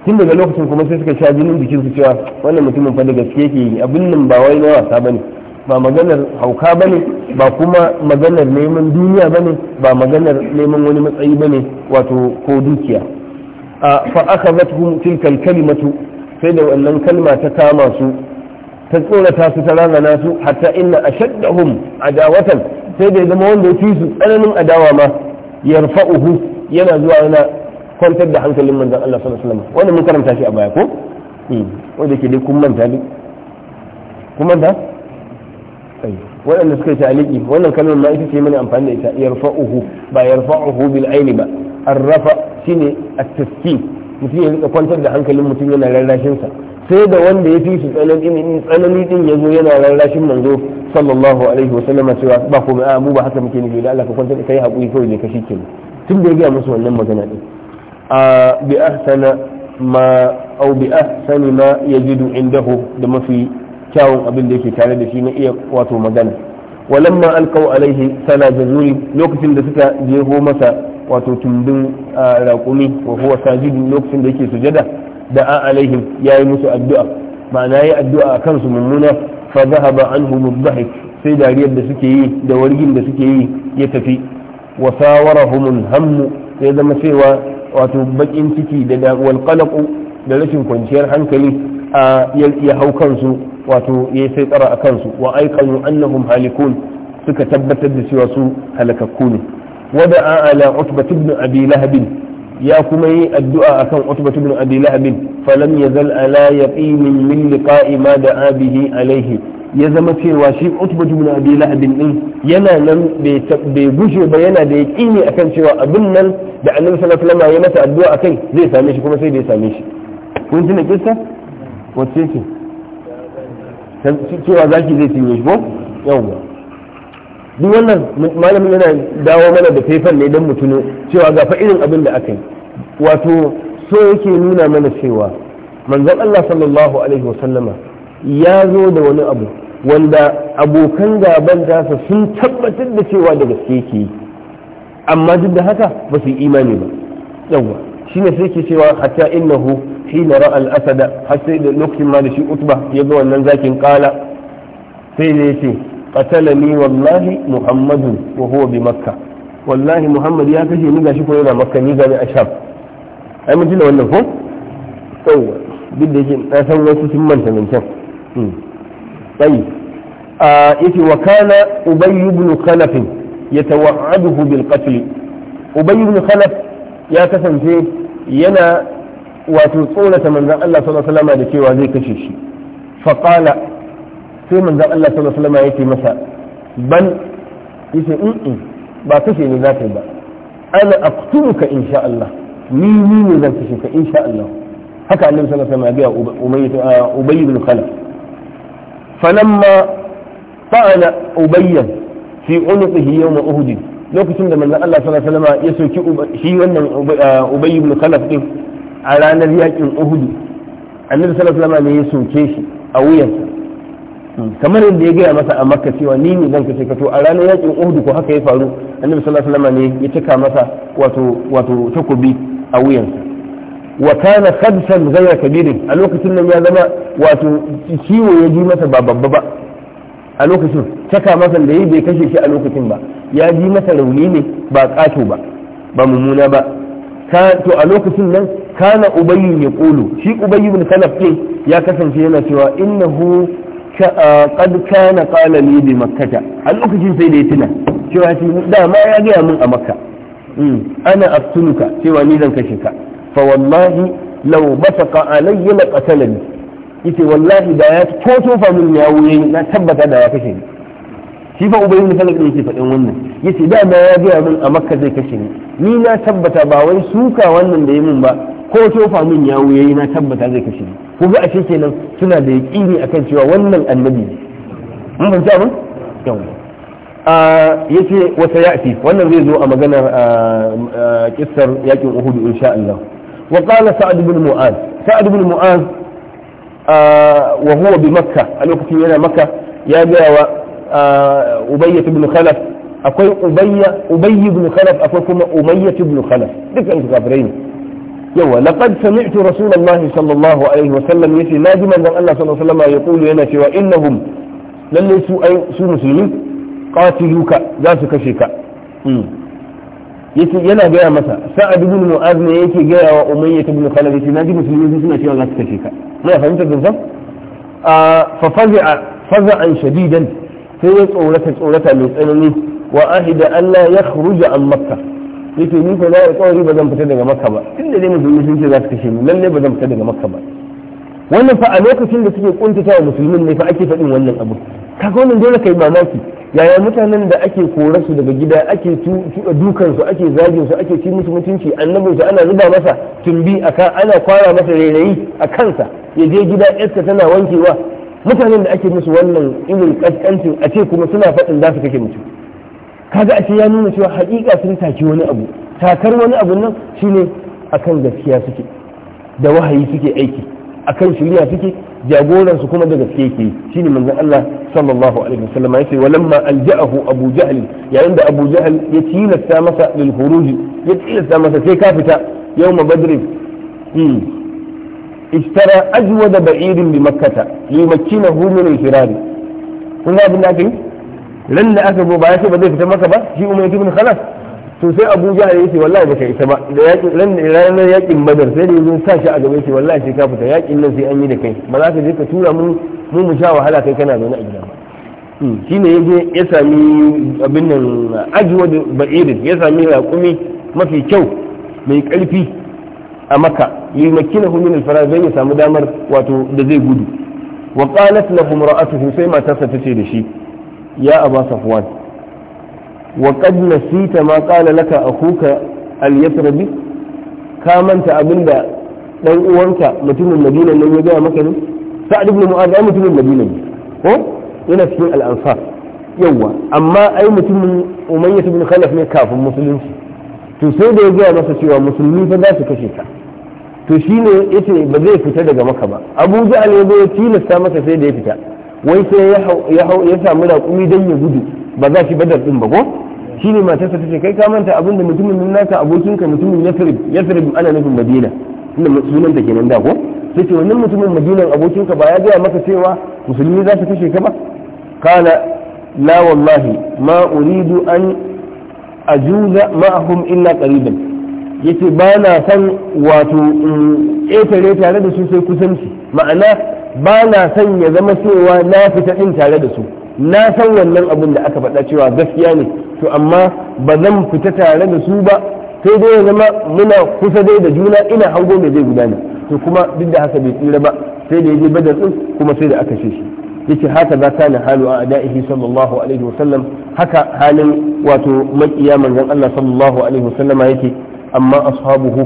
S1: tun daga lokacin kuma sai suka sha jinin jikin su cewa wannan mutumin fa da gaske yake yi abin nan ba wai na wasa bane ba maganar hauka bane ba kuma maganar neman duniya bane ba maganar neman wani matsayi bane wato ko dukiya A fa akhadhatuhum tilka kalimatu sai da wannan kalma ta kama su ta tsorata su ta rana su hatta inna ashaddahum adawatan sai da ya zama wanda ya fi su tsananin adawa ma uhu yana zuwa yana kwantar da hankalin manzan Allah sallallahu alaihi wasallam wanda mun karanta shi a baya ko hmm. wanda ke dai kun manta ne kun manta waɗanda suka yi taliki wannan kalmar ma ita ce mana amfani da ita yarfa'uhu ba yarfa'uhu bil aini ba arrafa shine at-taskin mutum ya rika kwantar da hankalin mutum yana rarrashin sa sai da wanda ya fi su tsanani tsanani din yazo yana rarrashin manzo sallallahu alaihi wa sallama cewa ba komai a mu ba haka muke nufi da Allah ka kwantar kai hakuri kawai ne ka shike tun da ya ga musu wannan magana din a ما أو بأحسن ما يجد عنده دم في kyawun abin da yake tare da shi na iya wato magana walamma alkau alaihi sala jazuri lokacin da suka jeho masa wato tumbin raƙumi wa huwa sajidu lokacin da yake sujada da a ya yi musu addu'a ma'ana yi addu'a a kansu mummuna fa zahaba anhu mudhahik sai dariyar da suke yi da wargin da suke yi ya tafi wa sawarahum hammu ya zama cewa wato bakin ciki da wal da rashin kwanciyar hankali a ya hau kansu wato ya sai tsara a kansu wa aikanu annahum halikun suka tabbatar da cewa su halakakku ne wada ala utbat ibn abi lahab ya kuma yi addu'a akan utbat ibn abi lahab falam yazal ala yaqinin min liqa'i ma da'a bihi alayhi ya zama cewa shi utba jumla abi lahabin din yana nan bai gushe ba yana da yaqini akan cewa abin nan da annabi sallallahu alaihi wasallam ya mata addu'a akai zai same shi kuma sai bai same shi kun tuna kissa wacce ce cewa zaki zai tinye shi ko yawa duk wannan malamin yana dawo mana da faifan ne don mutuno cewa ga fa irin abin da aka yi wato so yake nuna mana cewa manzon Allah sallallahu alaihi wasallama ya zo da wani abu wanda abokan gaban tasa sun tabbatar da cewa da gaske ke amma duk da haka ba su yi imani ba yawa shi ne sai ke cewa hatta innahu hina ra'a al-asada har sai da lokacin ma da shi utba ya ga wannan zakin kala sai ne ce qatalani wallahi muhammadun wa huwa bi makka wallahi muhammad ya kashe ni gashi ko yana makka ni gani a shaf. ai mun da wannan ko yawa duk da yake na san wasu sun manta mintan tsayi yake wa kana ubayy ibn khalaf yatawa'aduhu bil qatl ubayy ibn khalaf ya kasance yana wato tsorata manzon Allah sallallahu alaihi da cewa zai kashe shi fa qala sai manzon Allah sallallahu alaihi wasallam yake masa ban yace in ba kashe ne za ka yi ba ana aqtuluka insha Allah ni ni zan kashe ka insha Allah haka annabi فلما طعن أبيا في عنقه يوم uhud lokacin da من Allah صلى الله عليه ya soki shi wannan أبي بن خلف din a ranar yakin uhud الله sallallahu alaihi wasallam ne ya kamar yadda ya gaya masa a makka cewa ni ne zan kace kato a ranar yakin uhud ko haka ya faru annabi sallallahu alaihi wasallam ne ya tuka masa wato wato takobi a wuyansa wa kana khabsan ghayra kabirin a lokacin nan ya zama wato ciwo ya ji masa ba babba ba a lokacin caka masa da yi bai kashe shi a lokacin ba ya ji masa rauni ne ba kato ba ba mummuna ba to a lokacin nan kana ubayyu ya kulu shi ubayyu bin kalaf din ya kasance yana cewa innahu kad kana qala li bi makkata a lokacin sai da ya tuna cewa shi dama ya gaya mun a makka hmm, ana aftunuka cewa ni zan kashe ka fa wallahi law bataqa alayya la qatalani yace wallahi da ya toto fa min ya wuye na tabbata da ya kashe ni shi fa ubayi bin sallallahu yake faɗin wannan yace da ma ya ga min a makka zai kashe ni ni na tabbata ba wai suka wannan da yi min ba ko tofa min ya wuye na tabbata zai kashe ni ku ga ashe kenan suna da yaqini akan cewa wannan annabi ne mun fahimci abin yawa yace wata ya'ti wannan zai zo a maganar kissar yakin uhudu insha Allah وقال سعد بن معاذ سعد بن معاذ آه، وهو بمكة الوقت هنا مكة يا جاوى آه، أبية بن خلف أقول أبية أبي بن خلف أقولكم أمية بن خلف ذكر أنت كافرين لقد سمعت رسول الله صلى الله عليه وسلم يسي ناجما أن الله صلى الله عليه وسلم يقول هنا سوى إنهم لن يسوا أي سوء مسلمين قاتلوك ذا سكشيك yace yana gaya masa sa'ad ibn mu'az ne yake gaya wa umayya ibn khalid yace naji musulmi suna cewa za su kashe ka muna fahimtar da fa fazi'a faza'an shadidan sai ya tsorata tsorata mai tsanani wa ahida Allah ya khruja an makka yace ni fa na tsori ba zan fita daga makka ba inda dai musulmi sun ce za su kashe ni lalle ba zan fita daga makka ba wannan fa a lokacin da suke kuntata wa musulmin ne fa ake faɗin wannan abu kaga wannan dole kai mamaki yaya mutanen da ake kora su daga gida ake dukan dukansu, ake zagin su ake ci musu mutunci annabin su ana zuba masa tumbi aka ana kwara masa rairayi a kansa ya je gida yarsa tana wankewa mutanen da ake musu wannan irin kaskancin a ce kuma suna faɗin za su kake mutu. kaga a ce ya nuna cewa haƙiƙa sun taki wani abu takar wani abu nan shine akan gaskiya suke da wahayi suke aiki akan shirya suke jagoran su kuma daga gaske yake shine manzon Allah sallallahu alaihi wasallam yace walamma alja'ahu abu jahl yayin da abu jahl ya tilasta masa lil khuruji ya tilasta masa sai ka fita yawma badr hmm ishtara ajwada ba'irin bi makkah limakkinahu min al-firari kun ga abin da aka yi ran da aka zo ba ya ce ba zai fita maka ba shi umar ibn khalas to sai abu ya ce wallahi baka isa ba da yakin ran ranar yakin badar sai da yanzu sa shi a gaba ce wallahi sai ka fita yakin nan sai an yi da kai ba za ka je ka tura mun mu mu sha wahala kai kana zaune a gida ba hmm, shine yaje ya sami abin nan ajwa da ba'irin ya sami raƙumi mafi kyau mai ƙarfi a maka limakinahu min al-farar zai ya samu damar wato da zai gudu wa qalat lahu imra'atuhu sai matarsa ce da shi ya abasa safwan wa qad nasita ma qala laka akuka al-yasrabi ka manta abinda dan uwanka mutumin Madina nan ya gaya maka ne Sa'ad ibn Mu'adh ai mutumin Madina ne ko yana cikin al yawa amma ai mutumin Umayyah ibn Khalaf ne kafin musulunci to sai da ya gaya masa cewa musulmi fa za su kashe ka to shine yace ba zai fita daga maka ba abuja Ja'al ya ya tilasta masa sai da ya fita wai sai ya ya samu raƙumi dan ya gudu ba za ki badar din ba ko shi ne matarsa ta ce kai ka manta abin da mutumin nan naka abokin ka mutumin yathrib yathrib ana nufin madina inda sunan ta kenan da ko sai ce wannan mutumin madinan ka ba ya gaya maka cewa musulmi za su kashe ka ba kana la wallahi ma uridu an ajuza ma'ahum illa qariban yace ba na san wato ƙetare tare da su sai kusanci ma'ana ba na san ya zama cewa na fita din tare da su na san wannan abin da aka faɗa cewa gaskiya ne to amma ba zan fita tare da su ba sai dai ya zama muna kusa dai da juna ina hango mai zai gudana to kuma duk da haka bai tsira ba sai da yaje badar din kuma sai da aka ce shi yace haka za ta na halu a da'ihi sallallahu alaihi wasallam haka halin wato makiya manzon Allah sallallahu alaihi wasallama yake amma ashabuhu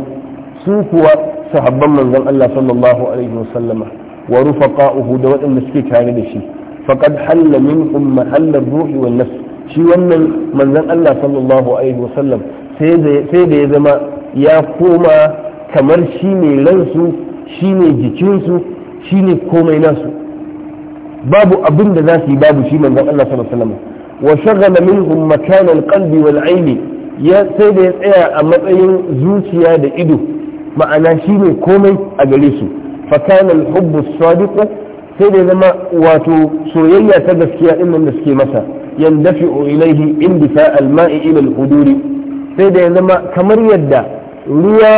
S1: su kuwa sahabban manzon Allah sallallahu alaihi wasallama wa rufaqa'uhu da waɗanda suke tare da shi faqad halla minkum mahalla ruhi wan nafs shi wannan manzon Allah sallallahu alaihi wasallam sai da ya zama ya koma kamar shi ne ransu shi ne jikinsu shi ne komai nasu babu abin da za su yi babu shi manzon Allah sallallahu alaihi wasallam wa shaghala minhum makan alqalbi wal aini ya sai da ya tsaya a matsayin zuciya da ido ma'ana shi ne komai a gare su fa kana alhubbu sadiqu sai da zama wato soyayya ta gaskiya din nan da suke masa dafi ilaihi indifa alma'i ila al sai da ya zama kamar yadda ruwa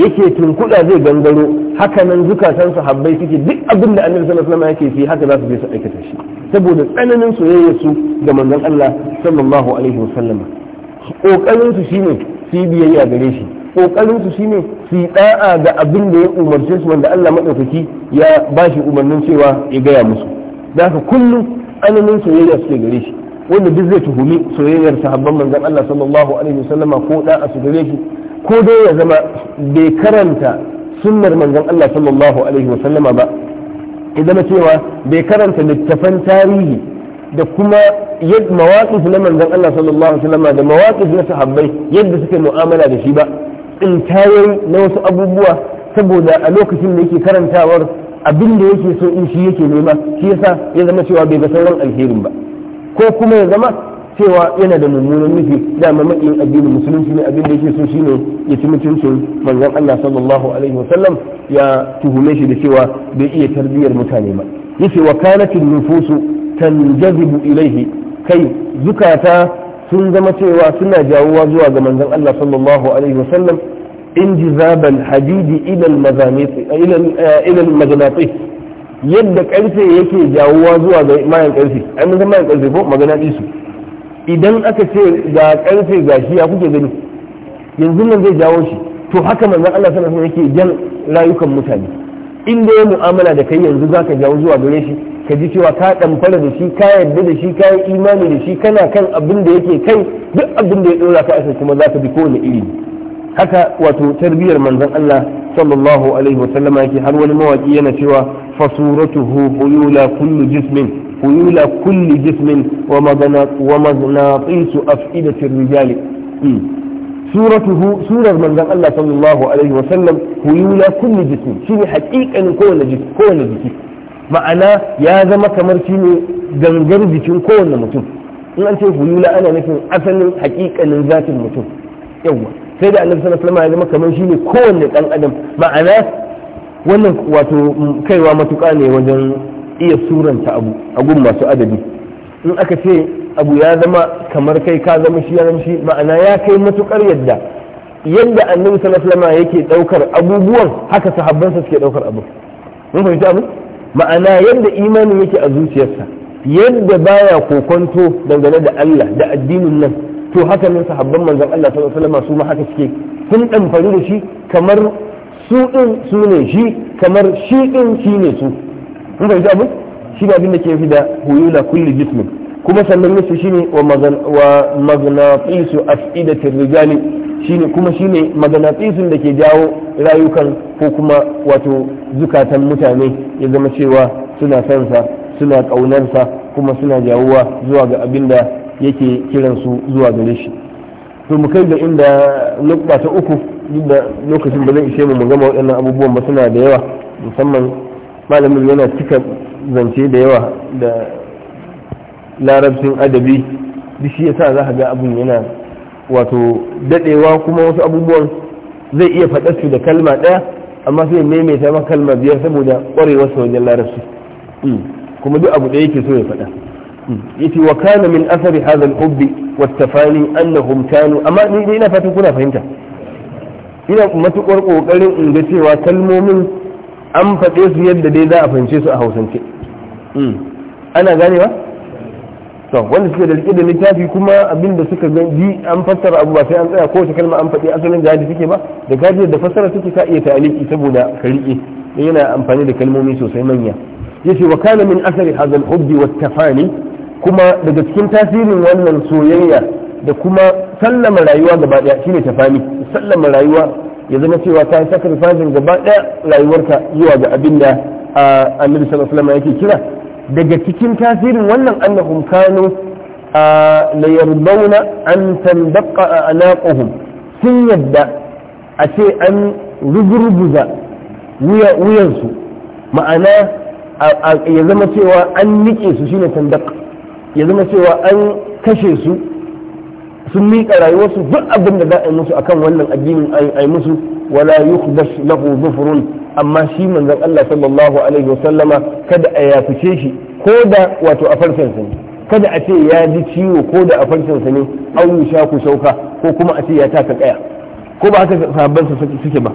S1: yake tunkuɗa zai gangaro haka nan zukatan sahabbai suke duk abin da annabi sallallahu alaihi wasallam yake haka za su je su aikata shi saboda tsananin soyayyar su ga manzon Allah sallallahu alaihi wasallam kokarin su shine su biyayya gare shi kokarin su shine su da'a ga abin da ya umarce su wanda Allah madaukaki ya bashi umarnin cewa ya gaya musu da haka kullum ananin soyayya suke gare shi wanda duk zai tuhumi soyayyar sahabban manzon Allah sallallahu alaihi wasallama ko da su gare shi ko dai ya zama bai karanta sunnar manzon Allah sallallahu alaihi wasallama ba ya zama cewa bai karanta littafan tarihi da kuma mawaqif na manzon Allah sallallahu alaihi wasallama da mawaqif na sahabbai yadda suke mu'amala da shi ba tsintayen na wasu abubuwa saboda a lokacin da yake karantawar abin da yake so in shi yake nema shi yasa ya zama cewa bai ga sauran alherin ba ko kuma ya zama cewa yana da mummunan nufi dama maƙin addini musulunci ne abin da yake so shine ya ci mutuncin manzon Allah sallallahu alaihi wasallam ya tuhume shi da cewa bai iya tarbiyyar mutane ba yace wa kanatin nufusu tanjazibu ilaihi kai zukata sun zama cewa suna jawowa zuwa ga manzon Allah sallallahu alaihi wasallam injizabal hadidi ila al-majanatis eh, yadda karfe yake jawowa zuwa ga mayan karfe an mun san mayan karfe ko magana isu idan aka ce ga karfe gashi ya kuke gani yanzu nan zai jawo shi to haka manzon Allah sallallahu alaihi wasallam yake jan rayukan mutane in da ya mu'amala da kai yanzu za ka jawo zuwa gare shi ka ji cewa ka ɗamfara da shi ka yarda da shi ka yi imani da shi kana kan abin da yake kai duk abin da ya ɗora ka aka kuma za ka bi kowane iri haka wato tarbiyyar manzon Allah sallallahu alaihi wa sallama yake har wani mawaki yana cewa fasuratuhu huyula kullu jismin huyula kulli jismin wa madana wa madana afidati rijali hmm. suratuhu surar manzon Allah sallallahu alaihi wa sallam huyula kulli jismi shine haƙiƙanin kowane jiki jiki ma'ana ya zama kamar shine gangar jikin kowane mutum in an ce huyula ana nufin asalin haƙiƙanin zatin mutum yawa sai da annabi sallallahu alaihi wa sallam ya zama kamar shine kowane dan adam ma'ana wannan wato kaiwa matuka ne wajen iya suranta abu a gun masu adabi in aka ce abu ya zama kamar kai ka zama shi ya zama shi ma'ana ya kai matukar yadda yadda annabi sallallahu alaihi wasallam yake daukar abubuwan haka sahabbansa suke daukar abu mun fahimci abu ma'ana yadda imanin yake a zuciyarsa yadda baya kokonto dangane da Allah da addinin nan to haka ne sahabban manzon Allah sallallahu alaihi wasallam su ma haka suke sun damfari da shi kamar su din su ne shi kamar shi din shi ne su mun fahimci abu shi ga abin da ke fi da huyula kulli jismin kuma sannan shi shine wa magnatisu afidatir rijali shine kuma shine magnatisun da ke jawo rayukan ko kuma wato zukatan mutane ya zama cewa suna son sa suna sa kuma suna jawowa zuwa ga abin da yake su zuwa gare shi to mu kai ga inda nukba ta uku inda da lokacin da zai ishe mu mu gama waɗannan abubuwan ba suna da yawa musamman malamin yana cika zance da yawa da larabcin adabi duk shi yasa za ka ga abun yana wato dadewa kuma wasu abubuwan zai iya faɗar su da kalma ɗaya amma sai maimaita maka kalma biyar saboda ƙwarewar sa wajen larabci hmm. kuma duk abu da yake so ya faɗa hmm. yace wa kana min athari hadha al-hubb wa tafani annahum kanu amma ni ina fatan kuna fahimta ina matukar kokarin in ga cewa kalmomin an faɗe su yadda dai za a fahimce su a hausance hmm. ana ganewa to wanda suke da rike da littafi kuma abinda suka ji an fassara abu ba sai an tsaya kowace kalma an faɗi asalin ga suke ba da gajiyar da fassara suke ka iya ta'aliki saboda ka rike yana amfani da kalmomi sosai manya yace wa kana min asari hadha al-hubbi tafani kuma daga cikin tasirin wannan soyayya da kuma sallama rayuwa gaba shine tafani sallama rayuwa ya zama cewa ta sacrifice gaba ɗaya rayuwarka zuwa ga abinda annabi sallallahu alaihi wasallam yake kira daga cikin tasirin wannan annahum kanu la yardawna an tandaqa anaqahum sun yadda a ce an rugurguza wuyansu ma'ana ya zama cewa an nike su shine tandaq ya zama cewa an kashe su sun miƙa rayuwarsu duk abin da za a yi musu akan wannan addinin a yi musu wala yukhdash lahu dhufrun amma shi manzon Allah sallallahu alaihi wasallama kada a yafice shi ko da wato a farcen sa ne kada a ce ya ji ciwo ko da a farcen sa ne au sha ku shauka ko kuma a ce ya taka kaya ko ba haka sahabban sa suke ba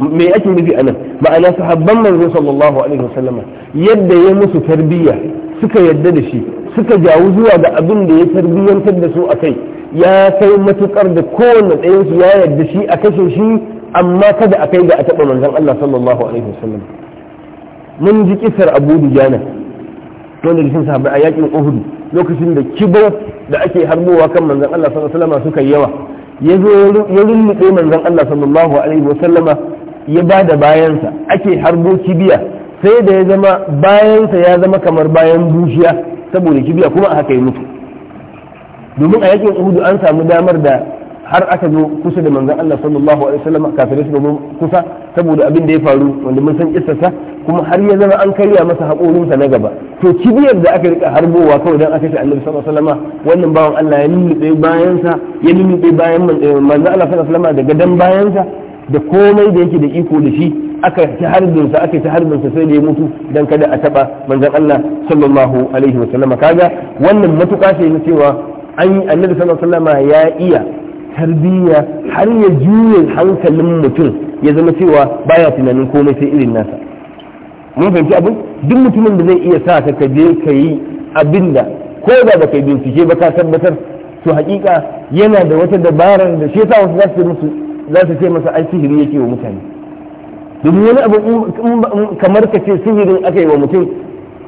S1: me ake nufi anan ma'ana sahabban manzo sallallahu alaihi wasallama yadda ya musu tarbiyya suka yadda da shi suka jawo zuwa ga abin da ya tarbiyyantar da su a kai ya kai matukar da kowane ɗayansu ya yarda shi a kashe shi amma kada a kai ga a taɓa manzon Allah sallallahu alaihi wasallam mun ji kisar Abu Dujana wanda jikin sahabbai a yakin Uhud lokacin da kibo da ake harbowa kan manzon Allah sallallahu alaihi wasallam suka yawa ya zo ya rulluɗe manzon Allah sallallahu alaihi wasallama ya ba da bayansa ake harbo kibiya sai da ya zama bayansa ya zama kamar bayan bushiya saboda kibiya kuma a haka ya mutu domin a yakin uhudu an samu damar da har aka zo kusa da manzon Allah sallallahu alaihi wasallam kafin suka zo kusa saboda abin da ya faru wanda mun san kissarsa kuma har ya zama an karya masa haƙorinsa na gaba to kibiyar da aka rika harbowa kawai dan aka ce Annabi sallallahu alaihi wasallam wannan bawan Allah ya dai bayan sa ya dai bayan eh, manzon Allah sallallahu alaihi wasallam daga dan bayan sa da komai da yake da iko da shi aka ta harbin sa aka ta harbin sa sai da ya mutu dan kada a taba manzon Allah sallallahu alaihi wasallam kaga wannan matuƙa sai na cewa an annabi sallallahu alaihi wasallam ya iya tarbiyya har ya juye hankalin mutum ya zama cewa baya tunanin komai sai irin nasa mun fahimci abin duk mutumin da zai iya sa ka ka ka yi abin da ko da baka bincike ba ka tabbatar to hakika yana da wata dabarar da shi yasa wasu za su musu za su ce masa ai sihiri yake wa mutane Duk wani abu kamar ka ce sihirin aka yi wa mutum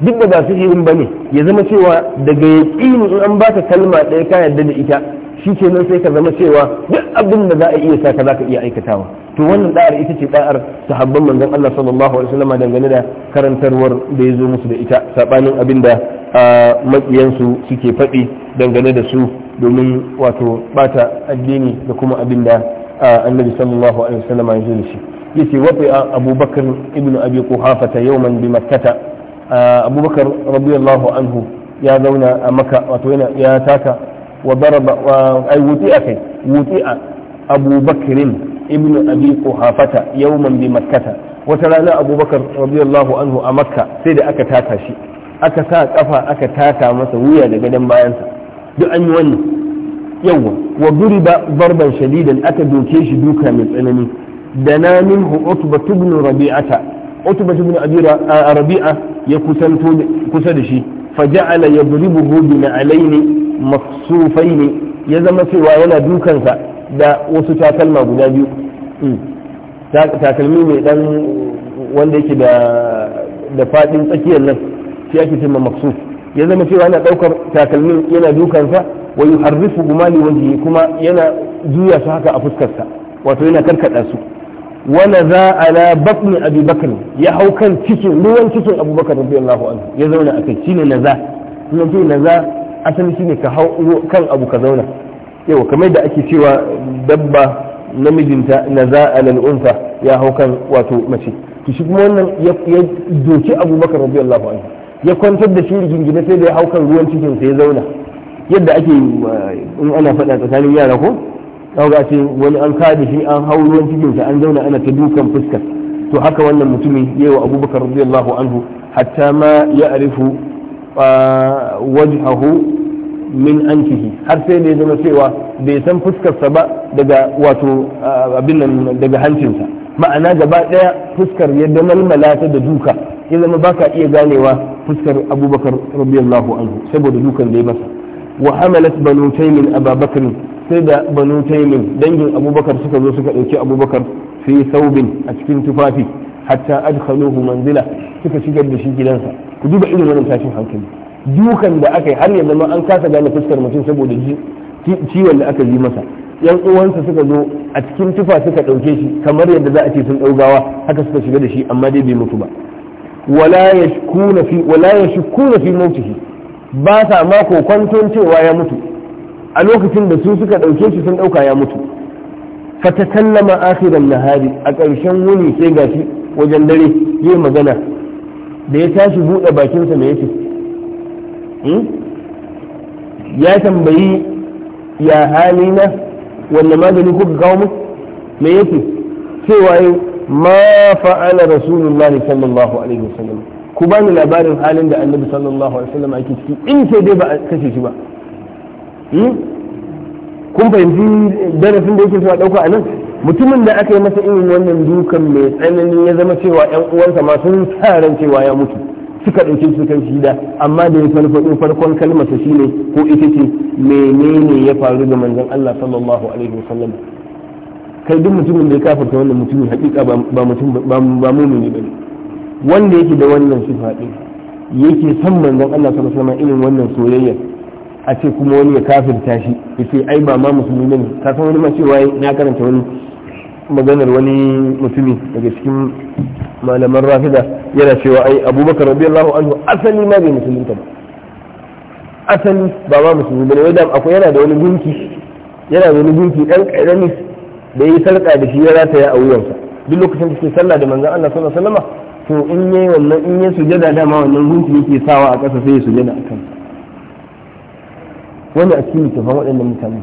S1: duk da ba sihirin ba ne ya zama cewa daga yaƙini in an baka kalma ɗaya ka yarda da ita shi ke nan sai ka zama cewa duk abin da za a iya sa ka za ka iya aikatawa to wannan da'ar ita ce da'ar sahabban manzon Allah sallallahu alaihi wasallam dangane da karantarwar da ya zo musu da ita sabanin abin da suke faɗi dangane da su domin wato bata addini da kuma abin da annabi sallallahu alaihi wasallam ya zo da shi yace wafi abubakar ibn abi quhafata yawman bi makkata abubakar radiyallahu anhu ya zauna a makka wato ya taka wa daraba ay wuti'a kai wuti'a Abu ibn Abi Quhafata yawman bi Makkah wata ranar Abu Bakar radiyallahu anhu a Makka sai da aka taka shi aka kafa aka taka masa wuya daga dan bayansa duk an yi wannan yawa wa duriba barban shadidan aka doke shi duka mai tsanani da na minhu utba ibn rabi'ata utba rabi'a ya kusanto kusa da shi faja'ala na alai na'alaini masufai ne ya zama cewa yana dukansa da wasu takalma guda biyu hmm. takalmi mai dan wanda yake da fadin tsakiyar nan shi ake cewa maksuf ya zama cewa yana daukar takalmin yana dukansa wa yuharrifu gumali wajhi kuma yana juya su haka a fuskarsa wato yana karkada su wani za ala batni abi abubakar? ya hau kan cikin ruwan cikin abubakar radiyallahu anhu ya zauna akai shine naza kuma na naza asali shine ka hau kan abu ka zauna yau kamar da ake cewa dabba namijinta na za'al al'unsa ya hau kan wato mace to shi kuma wannan ya doki abubakar radiyallahu anhu ya kwantar da shi rigingine sai da ya hau kan ruwan cikin sa ya zauna yadda ake uh, in ana faɗa tsakanin yara ko kaga ce wani an kada shi an hau ruwan cikin sa an zauna ana ta dukan fuskar to haka wannan mutumin yayi abubakar abubakar radiyallahu anhu hatta ma ya arifu wajhahu min ankihi har sai da ya zama cewa bai san fuskarsa ba daga wato abin nan daga hancinsa ma'ana gaba daya fuskar ya malmala ta da duka ya zama baka iya ganewa fuskar abubakar radiyallahu anhu saboda dukan da ya masa wa hamalat banu taymin ababakar sai da banu taymin dangin abubakar suka zo suka dauki abubakar fi saubin a cikin tufafi hatta adkhaluhu manzila suka shigar da shi gidansa duba irin wannan tashin hankali dukan da aka yi har yanzu ma an kasa gane fuskar mutum saboda ciwon da aka yi masa yan uwansa suka zo a cikin tufa suka ɗauke shi kamar yadda za a ce sun ɗaugawa haka suka shiga da shi amma dai bai mutu ba wala ya fi wala yashkuna fi mautihi ba sa mako kwanton cewa ya mutu a lokacin da su suka ɗauke shi sun ɗauka ya mutu kallama akhiran nahari a ƙarshen wuni sai gashi wajen dare yayi magana da ya tashi buɗe bakinsa me yace hmm? ya tambayi ya halina wanda magani kuka kawo mu me yake cewa yi ma fa'ala rasulullah sallallahu alaihi wasallam ku bani labarin halin da annabi sallallahu alaihi wasallam ake ciki in sai dai ba a kashe shi ba hmm? kun fahimci darasin da yake so a dauka a nan mutumin da aka yi masa irin wannan dukan mai tsanani ya zama cewa yan uwansa ma sun tsaran cewa ya mutu suka ɗauke su kan shida amma da ya farfaɗo farkon kalmarsa shine ko ita ce menene ya faru da manzon Allah sallallahu alaihi wasallam kai duk mutumin da ya kafarta wannan mutumin hakika ba mutum ba mumini bane wanda yake da wannan sifa din yake san manzon Allah sallallahu alaihi wasallam irin wannan soyayya a ce kuma wani ya kafirta shi yace ai ba ma musulmi ne ka san wani ma cewa na karanta wani maganar wani mutumi daga cikin malaman rafida yana cewa ai abubakar radiyallahu anhu asali ma bai musulunta ba asali ba ma musulmi bane wai da akwai yana da wani gunki yana da wani gunki dan karamis da yi sarka da shi ya rataya a sa duk lokacin da ke sallah da manzon Allah sallallahu alaihi wasallam to in yayi wannan in yayi sujada dama wannan gunki yake sawa a ƙasa sai ya sujada a kan wani a cikin littafin waɗannan mutane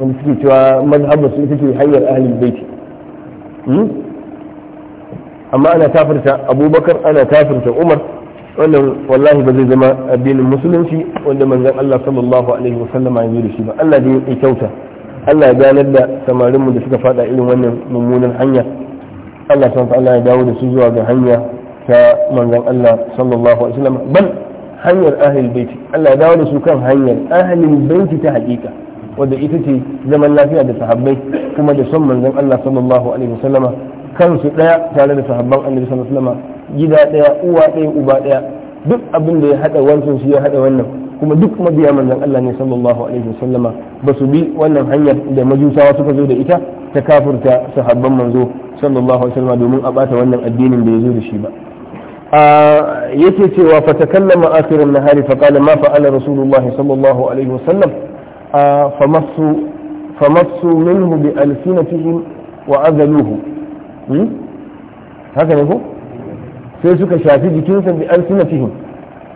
S1: wanda suke cewa mazhabar su ita ce hanyar ahalin baiti Hmm? amma ana tafirta abubakar ana tafirta umar wannan wallahi ba zai zama addinin musulunci wanda manzon Allah sallallahu alaihi wasallam ya yi da shi ba Allah da ya kyauta Allah ya ganar da samarin mu da suka fada irin wannan mummunan hanya Allah san Allah ya dawo da su zuwa ga hanya ta manzon Allah sallallahu alaihi wasallam bal hanyar ahlul bait Allah ya dawo da su kan hanyar ahlul bait ta hakika wadda ita ce zaman lafiya da sahabbai kuma da son manzon Allah sallallahu alaihi wasallama kansu daya tare da sahabban annabi sallallahu alaihi wasallama gida daya uwa daya uba daya duk abin da ya hada wancan shi ya hada wannan kuma duk mabiya manzon Allah ne sallallahu alaihi wasallama ba su bi wannan hanyar da majusawa suka zo da ita ta kafurta sahabban manzo sallallahu alaihi wasallama domin a bata wannan addinin da ya zo da shi ba yake cewa fatakallama akhirun nahari faqala ma fa'ala rasulullahi sallallahu alaihi wasallam famassu minhu bi alsinatihim wa azaluhu haka ne ko sai suka shafi jikinsa bi alsinatihim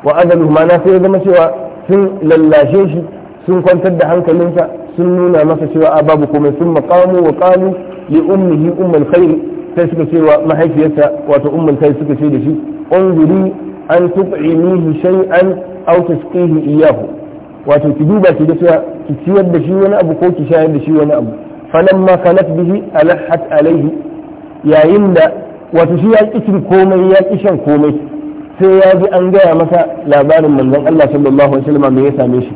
S1: wa azaluhu ma'ana sai ya zama cewa sun lallashe shi sun kwantar da hankalinsa sun nuna masa cewa a babu komai sun makamu wa qalu li ummihi ummul khair sai suka ce wa mahaifiyarsa wato ummul khair suka ce da shi unzuri an tub'imihi shay'an aw tasqihi iyahu wato ki duba ki ga cewa ki ciyar da shi wani abu ko ki shayar da shi wani abu ma kanat bihi alahat alaihi yayin da wato shi ya ki cin komai ya ki shan komai sai ya ji an gaya masa labarin manzon Allah sallallahu alaihi wasallam me ya same shi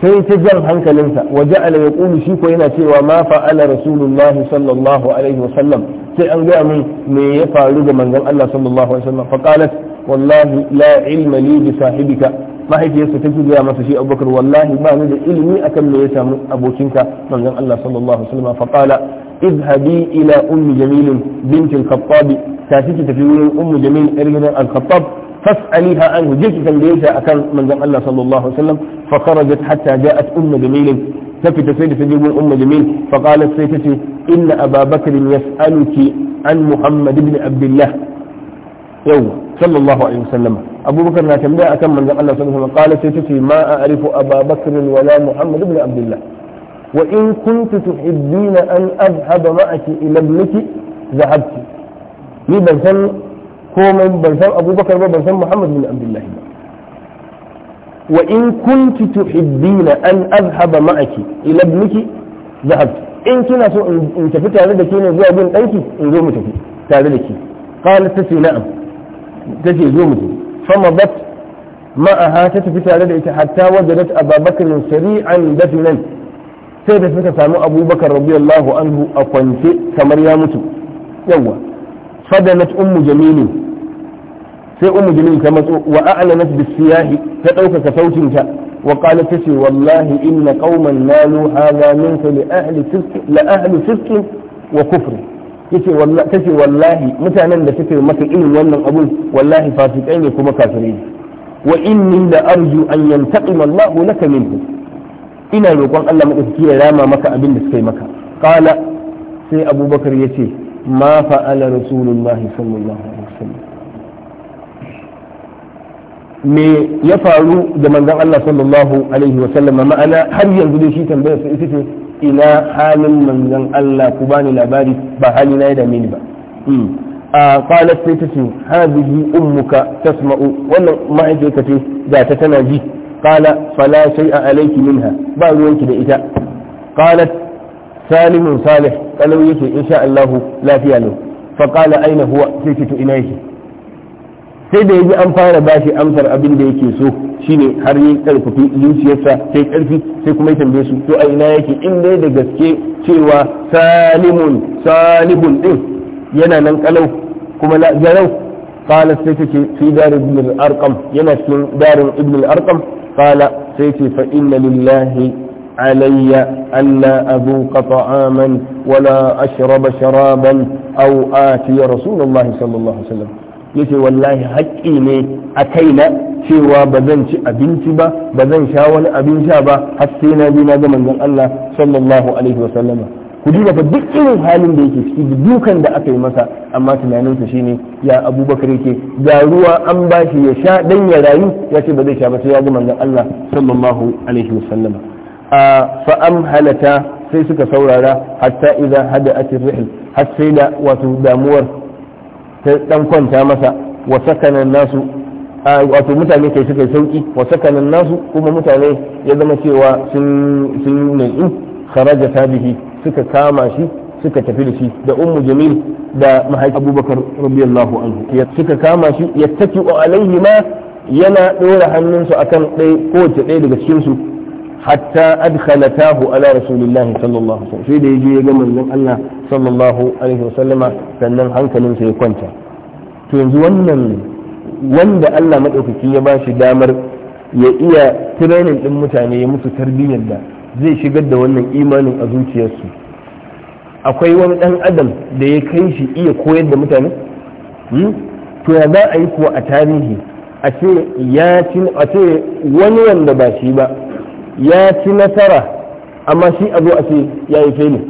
S1: sai ta jan hankalinsa wa ja'ala yaqulu shi ko yana cewa ma fa'ala rasulullahi sallallahu alaihi wasallam sai an gaya min me ya faru ga manzon Allah sallallahu alaihi wasallam fa qalat wallahi la ilma li bi sahibika mahaifiyarsa take gaya masa shi abubakar wallahi ba ni da ilimi akan me ya samu abokinka manzon Allah sallallahu alaihi wasallam fa qala idhabi ila ummi jamil bint al-khattab ta take tafi wurin ummu jamil yar gidan al-khattab fas'aliha anhu je ki tambaye akan manzon Allah sallallahu alaihi wasallam fa kharajat hatta ja'at ummu jamil ta fita sai da ta je gurin jamil fa qalat sai tace inna ababakar yas'aluki an muhammad ibn abdullah yawwa sallallahu alaihi wasallam abubakar na tambaya akan manzon Allah sallallahu alaihi wasallam qala sai tace ma a'rifu ababakr wala muhammad ibn abdullah wa in kuntu tuhibbina an adhhab ma'aki ila ibniki zahabti ni ban san komai ban san abubakar ba ban san muhammad ibn abdullah ba wa in kunti tuhibbina an adhhab ma'aki ila ibniki zahabti in kina so in tafi tare da ke ne zuwa gun danki in zo mu tafi tare da ki qalat tace na'am تجي زوجه فمضت معها تتفي ذلك حتى وجدت أبا بكر سريعا دفنا سيدة فتا سامو أبو بكر رضي الله عنه أقنتي كمريا متو يوا صدمت أم جميل سي أم جميل كمسو وأعلنت بالسياح تتوك كصوتك وقالت تسي والله إن قوما نالوا هذا منك لأهل سفك لأهل سفك وكفر yace wallahi tace wallahi mutanen da suke maka irin wannan abun wallahi fasikai ne kuma kafirai wa inni la arju an yantaqima Allah laka minhu ina roƙon Allah madaukaki ya rama maka abin da suka maka qala sai abubakar yace ma fa'ala rasulullahi sallallahu alaihi wasallam me ya faru da manzon Allah sallallahu alaihi wasallam ma'ana har yanzu dai shi tambayar sa ita ce ina halin manzon Allah ku bani labari ba hali na da mini ba hmm. a qalat sai tace hadhihi ummuka tasma'u wannan mahaifiyarka ce da ta tana ji kala fala a alaiki minha ba ruwanki da ita qalat salimun salih kalau yake insha Allah lafiya lau fa qala aina huwa sai to ina yake sai da yaji an fara ba shi amsar abin da yake so shine har yi karfafi zuciyarsa sai karfi sai kuma ya tambaye su to a ina yake in dai da gaske cewa salimun salihun din yana nan kalau kuma la jarau qala sai take fi darin ibn al-arqam yana cikin darin ibn al-arqam qala sai ce fa inna lillahi علي ألا أذوق طعاما ولا أشرب شرابا أو آتي رسول الله صلى الله عليه وسلم yace wallahi haƙƙi ne a kaina cewa ba zan ci abinci ba ba zan sha wani abin sha ba har sai na je na ga manzon Allah sallallahu alaihi wa sallama ku duba fa duk irin halin da yake ciki dukan da aka yi masa amma tunaninsa shine ya abubakar yake ga ruwa an bashi ya sha dan ya rayu ya ce ba zai sha ba sai ya ga manzon Allah sallallahu alaihi wa sallama a fa amhalata sai suka saurara hatta idan hada atir rihil har sai da wato damuwar ta dan kwanta masa wa sakanan nasu wato mutane kai suka sauki wa sakanan nasu kuma mutane ya zama cewa sun sun in kharaja tabihi suka kama shi suka tafi da shi da ummu jamil da mahaifi abubakar radiyallahu anhu ya suka kama shi ya taki alaihi ma yana dora hannunsu akan ɗaya kowace ɗaya daga cikin su hatta adkhalatahu ala rasulillahi sallallahu alaihi wasallam sai da yaje ya ga manzon Allah sallallahu alaihi wasallama sannan hankalin sa ya kwanta to yanzu wannan wanda Allah madaukaki ya bashi damar ya iya training din mutane ya musu tarbiyyar da zai shigar da wannan imanin a zuciyarsu akwai wani dan adam da ya kai shi iya koyar da mutane hmm? to ya za a yi kuwa a tarihi a wani wanda ba shi ba ya ci nasara amma shi a zo a ce ya yi feli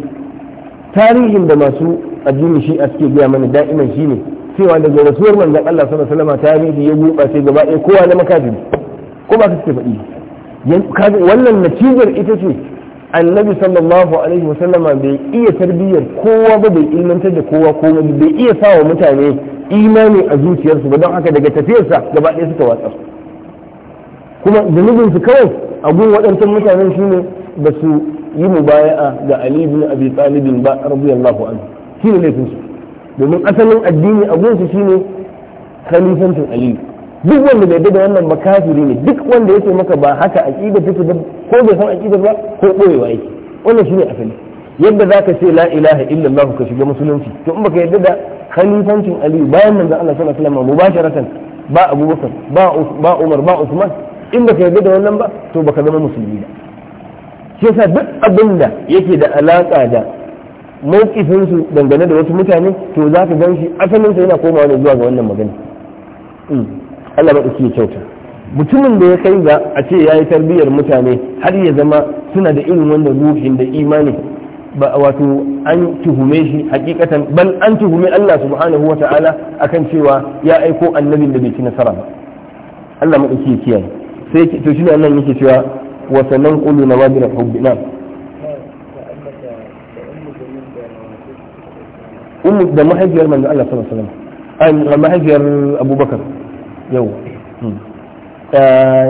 S1: tarihin da masu addini shi a suke gaya mana da'iman shi ne cewa daga rasuwar manzan Allah sama salama tarihi ya sai gaba ɗaya kowa na makafiri ko ba ka suke faɗi wannan natijar ita ce annabi sallallahu alaihi wasallama bai iya tarbiyyar kowa ba bai ilmantar da kowa kowa bai iya sawa mutane imani a zuciyarsu ba don haka daga tafiyarsa gaba ɗaya suka watsa kuma zunubinsu kawai abun waɗancan mutanen shine ba su yi mubaya'a ga Ali bin Abi Talib ba radiyallahu anhu shine laifin su domin asalin addini abun su shine khalifancin Ali duk wanda bai da wannan ba kafiri ne duk wanda yake maka ba haka aqida take ba ko bai san aqidar ba ko boyewa yake wannan shine asali yadda zaka ce la ilaha illallah ka shiga musulunci to in baka yadda da khalifancin Ali bayan da Allah sallallahu alaihi wasallam mubasharatan ba Abubakar ba Umar ba Usman in baka yarda da wannan ba to baka zama musulmi ba shi yasa duk abin da yake da alaka da mawkifin su dangane da wasu mutane to za ka gan shi asalin sa yana komawa ne zuwa ga wannan magana hmm. Allah ba ya kyauta mutumin da ya kai ga a ce ya yi tarbiyyar mutane har ya zama suna da irin wannan ruhin da imani ba wato an tuhume shi hakikatan bal an tuhume Allah subhanahu wata'ala akan cewa ya aiko annabin da bai ci nasara ba Allah madauki ya kiyaye sai to shi Allah yake cewa wa sanan qulu nawajir hubbina ummu da mahaifiyar manzo Allah sallallahu alaihi wasallam an mahaifiyar Abubakar yau hmm.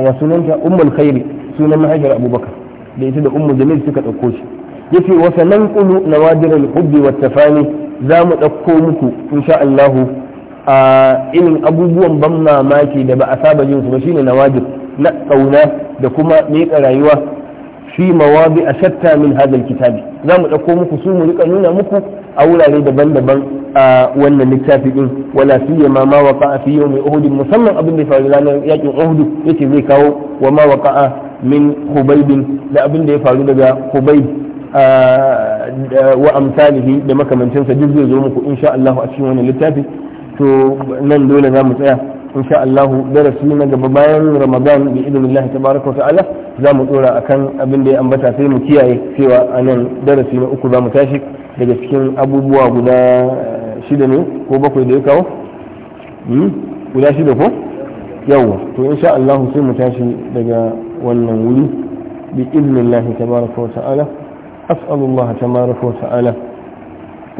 S1: ya sunanta ummu khairi sunan mahaifiyar Abubakar da ita da ummu jamil suka dauko shi yace wa sanan qulu nawadir hubbi wat tafani za mu dauko muku insha Allah a irin abubuwan ban mamaki da ba a saba jin su ba shine nawajir na ƙauna da kuma miƙa rayuwa mawa mawabi a shatta min hadal kitabi za mu ɗauko muku su mu rika nuna muku a wurare daban-daban a wannan littafi ɗin wala fiye ma ma waƙa fi yau mai uhudin musamman abin da ya faru ranar yakin uhudu yace zai kawo wa ma waƙa min hubaibin da abin da ya faru daga hubaib wa amsalihi da makamancinsa duk zai zo muku insha Allah a cikin wannan littafi to nan dole za mu tsaya insha Allah darasi na gaba bayan Ramadan bi idinillahi tabaraka ta'ala za mu dora akan abin da ya ambata sai mu kiyaye cewa anan darasi na uku za mu tashi daga cikin abubuwa guda shida ne ko bakwai da ya kawo hmm? guda shida ko yawa to insha Allah sai mu tashi daga wannan wuri bi idinillahi tabaraka ta'ala أسأل الله تبارك وتعالى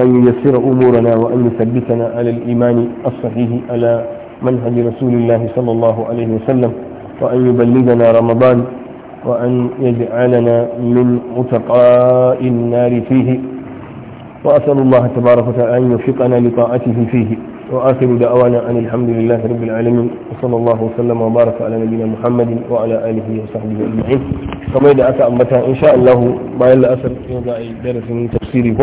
S1: أن ييسر أمورنا وأن يثبتنا على الإيمان الصحيح على منهج رسول الله صلى الله عليه وسلم وأن يبلغنا رمضان وأن يجعلنا من متقاء النار فيه وأسأل الله تبارك وتعالى أن يوفقنا لطاعته فيه وآخر دعوانا أن الحمد لله رب العالمين وصلى الله وسلم وبارك على نبينا محمد وعلى آله وصحبه أجمعين كما إذا أتى أمتها إن شاء الله ما يلا أسر يوضع درس من تفسيره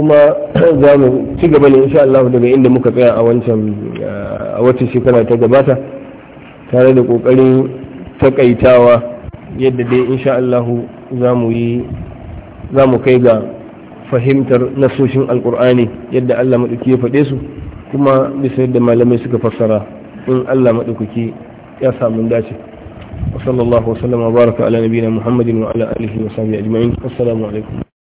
S1: kuma za mu ci gaba ne insha Allah daga inda muka tsaya a wancan a wata shekara ta gabata tare da kokarin takaitawa yadda dai insha Allah za mu yi za mu kai ga fahimtar nasoshin alkur'ani yadda Allah maɗauki ya faɗe su kuma bisa yadda malamai suka fassara in Allah maɗaukaki ya samu dace wa sallallahu wa sallama baraka ala nabiyina muhammadin wa ala alihi wa sahbihi ajma'in assalamu alaikum